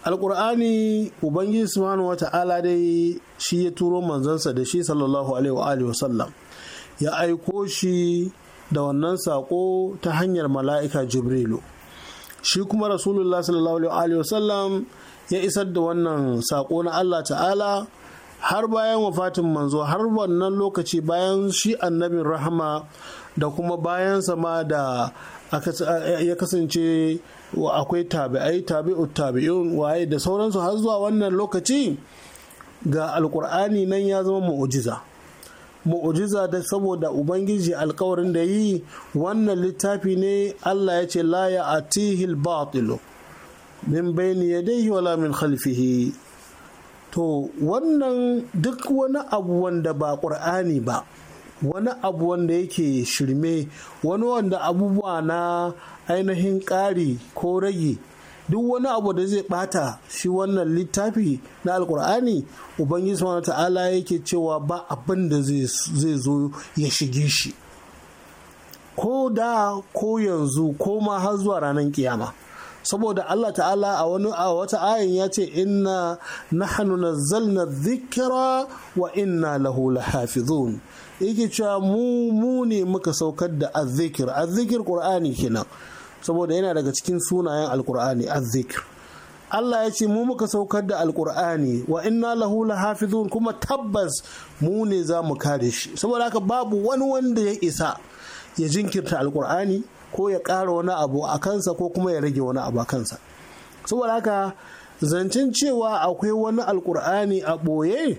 Alƙur'ani ubangiji subhanahu wa ta'ala dai shi ya turo manzansa da shi sallallahu alaihi wa sallam ya aiko shi da wannan saƙo ta hanyar mala'ika jibrilu shi kuma rasulullah sallallahu alaihi wasallam ya isar da wannan sako na allah ta'ala har bayan wafatin manzo har wannan lokaci bayan shi annabin rahama da kuma bayan sama da ya kasance akwai tabi'ai tabi'u, tabi'un waye da sauransu har zuwa wannan lokaci ga alkur'ani nan ya zama mu'ujiza mu'ujiza da saboda ubangiji alkawarin da yi wannan littafi ne Allah ya ce la ya atihi al-batilu min bayni yadayhi wala min khalfihi to wannan duk wani abu wanda ba ƙur'ani ba wani abu wanda yake shirme wani wanda abubuwa na ainihin ƙari ko rage duk wani abu da zai bata shi wannan littafi na alkur'ani ubangiji subhanahu ta'ala yake cewa ba abin da zai zo ya shige shi ko da ko yanzu ko ma har zuwa ranar kiyama saboda Allah ta'ala a wani a wata ayin ya ce inna nahnu nazzalna dhikra wa inna lahu lahafizun yake cewa mu mu ne muka saukar da azzikir azzikir qur'ani kenan saboda yana daga cikin sunayen alkur'ani azzikir Allah ya ce mu muka saukar da alkur'ani wa inna lahu lahafizun kuma tabbas mu ne za mu kare shi saboda haka babu wani wanda ya isa ya jinkirta alkur'ani ko ya ƙara wani abu a kansa ko kuma ya rage wani abu a kansa saboda haka zancen cewa akwai wani alkur'ani a ɓoye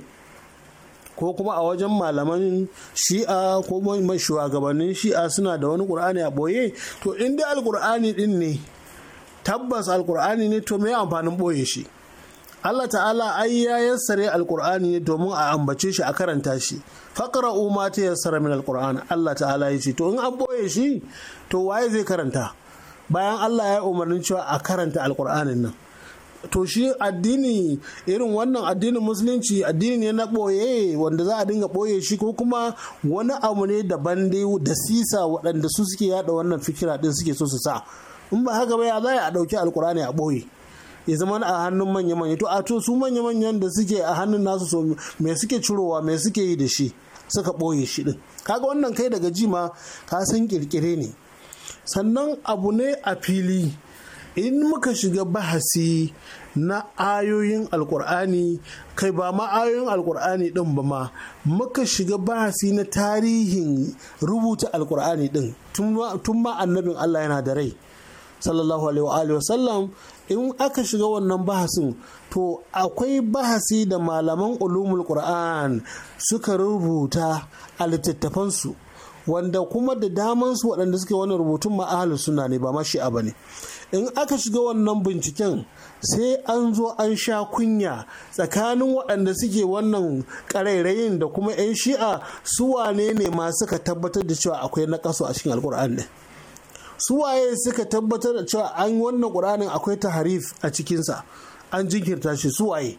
ko kuma a wajen malaman shi'a ko shugabannin shi'a suna da wani ƙur'ani a ɓoye to in dai alƙur'ani ɗin ne tabbas alƙur'ani ne to me amfanin ɓoye shi Allah ta'ala ai ya yassare alkur'ani ne domin a ambace shi a karanta shi faqra ma ta yassara min alqur'an Allah ta'ala ya ce to in an boye shi to waye zai karanta bayan Allah ya umarnin cewa a karanta alkur'anin nan to shi addini irin wannan addinin musulunci addini ne na ɓoye wanda za a dinga ɓoye shi ko kuma wani abu ne daban dai da sisa waɗanda su suke yada wannan fikira din suke so su sa in ba haka ba ya za a ɗauki alkurani a ɓoye ya zama a hannun manya-manya to a to su manya-manyan da suke a hannun nasu so me suke cirowa me suke yi da shi suka ɓoye shi din kaga wannan kai daga jima ka san kirkire ne sannan abu ne a fili in muka shiga bahasi na ayoyin alkur'ani kai ba ma ayoyin alkur'ani din ba ma muka shiga bahasi na tarihin rubuta alkur'ani din tun ma annabin Allah yana da rai sallallahu alaihi wa sallam in aka shiga wannan bahasin to akwai bahasi da malaman ulumul qur'an suka rubuta a littattafansu wanda kuma da damansu waɗanda suke wannan rubutun ma suna ne ba ma shi'a ba ne in aka shiga wannan binciken sai an zo an sha kunya tsakanin waɗanda suke wannan ƙarairayin da kuma 'yan shi'a su wane ne ma suka tabbatar da cewa akwai nakasu a cikin alkur'an ne? su waye suka tabbatar da cewa an wannan ƙur'anin akwai taharif a cikinsa an jinkirta shi su waye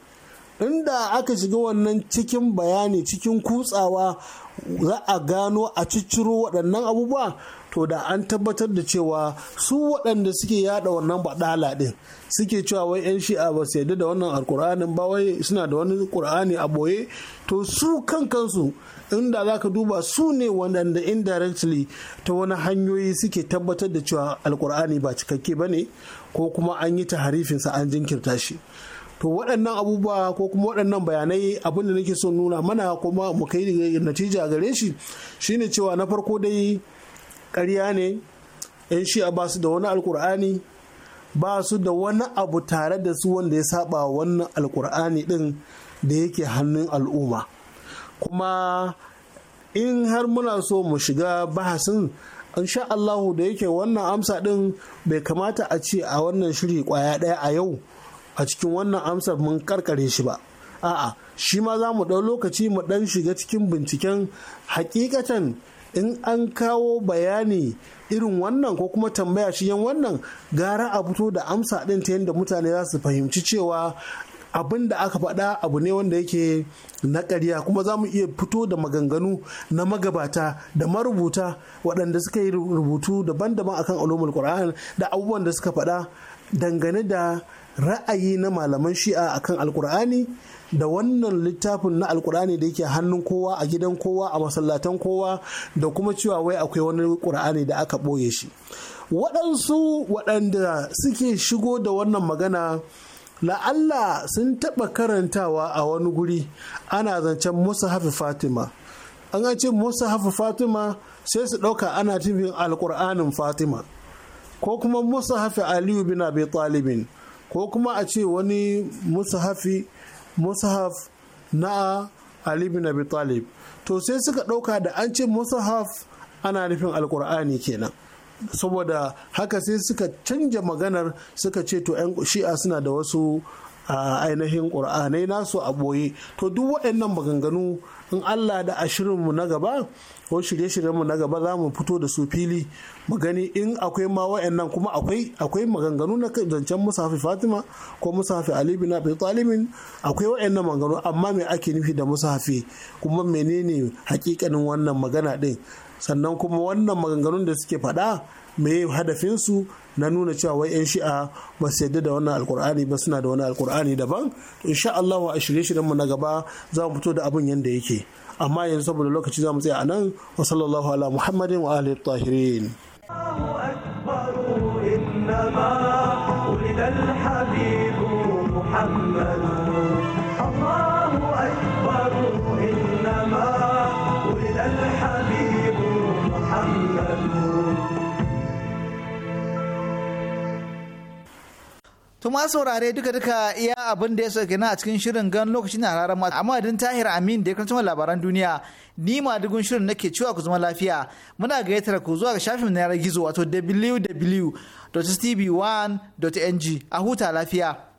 inda aka shiga wannan cikin bayani cikin kutsawa za a gano a cicciro waɗannan abubuwa to da an tabbatar da cewa su waɗanda suke yada wannan baɗala ɗin suke cewa wai 'yan shi'a ba su yarda da wannan alkur'anin ba wai suna da wani ƙur'ani a boye to su kan kansu inda za ka duba su ne waɗanda indirectly ta wani hanyoyi suke tabbatar da cewa alkur'ani ba cikakke ba ne ko kuma an yi harifinsa an jinkirta shi to waɗannan abubuwa ko kuma waɗannan bayanai abin da nake so nuna mana kuma mu kai natija gare shi shine cewa na farko dai ƙarya ne yan shi'a ba su da wani alkur'ani ba su da wani abu tare da su wanda ya saba wannan alkur'ani ɗin da yake hannun al'umma kuma in har muna so mu shiga bahasin insha Allahu da yake wannan amsa ɗin bai kamata a ce a wannan shiri kwaya ɗaya a yau a cikin wannan amsar mun karkare shi ba a'a shi ma za mu ɗau lokaci mu ɗan shiga cikin binciken hakikatan in an kawo bayani irin wannan ko kuma tambaya shi yan wannan gara a fito da amsa ɗin ta yadda mutane za su fahimci cewa abin da aka faɗa abu ne wanda yake na ƙarya kuma za mu iya fito da maganganu na magabata da marubuta waɗanda suka yi rubutu daban-daban akan alomar qur'an da abubuwan da suka faɗa dangane da ra'ayi na malaman shi'a akan alkur'ani da wannan littafin na alkur'ani da yake hannun kowa a gidan kowa a masallatan kowa da kuma cewa wai akwai wani kur'ani da aka ɓoye shi waɗansu waɗanda suke shigo da wannan magana la'alla sun taɓa karantawa a wani guri ana zancen musa hafi fatima an ce musa hafi fatima sai su ɗauka ana tufin alkur'anin fatima ko kuma musa hafi aliyu bin abi talibin ko kuma a ce wani musa hafi mushaf na ali bin abi talib to sai suka ɗauka da an ce mushaf ana nufin alkur'ani kenan saboda haka sai suka canja maganar suka ce to 'yan shi'a suna da wasu ainihin ƙur'anai nasu a ɓoye to duk waɗannan maganganu in Allah da ashirinmu na gaba ko shirye-shiryenmu na gaba za mu fito da su fili mu gani in akwai ma wa'annan kuma akwai akwai maganganu na zancen musafi fatima ko musafi ali bin abi talibin akwai wa'annan maganganu amma me ake nufi da musafi kuma menene hakikanin wannan magana din sannan kuma wannan maganganun da suke faɗa me hadafinsu na nuna cewa wai 'yan shi'a ba su yadda da wannan alkur'ani ba suna da wani alkur'ani daban insha Allah a shirye shiryen mu na gaba za mu fito da abin yanda yake amma yanzu saboda lokaci za mu tsaya a nan wa sallallahu ala muhammadin wa alihi tahirin Tuma saurare duka-duka iya abin da ya sauke na a cikin shirin gan lokacin na rarar mata. Amma idan Tahir Amin da ya labaran duniya, ni ma dugun shirin nake cewa ku zama lafiya. Muna gayyatar ku zuwa ga shafin na yanar gizo wato www.tv1.ng a huta lafiya.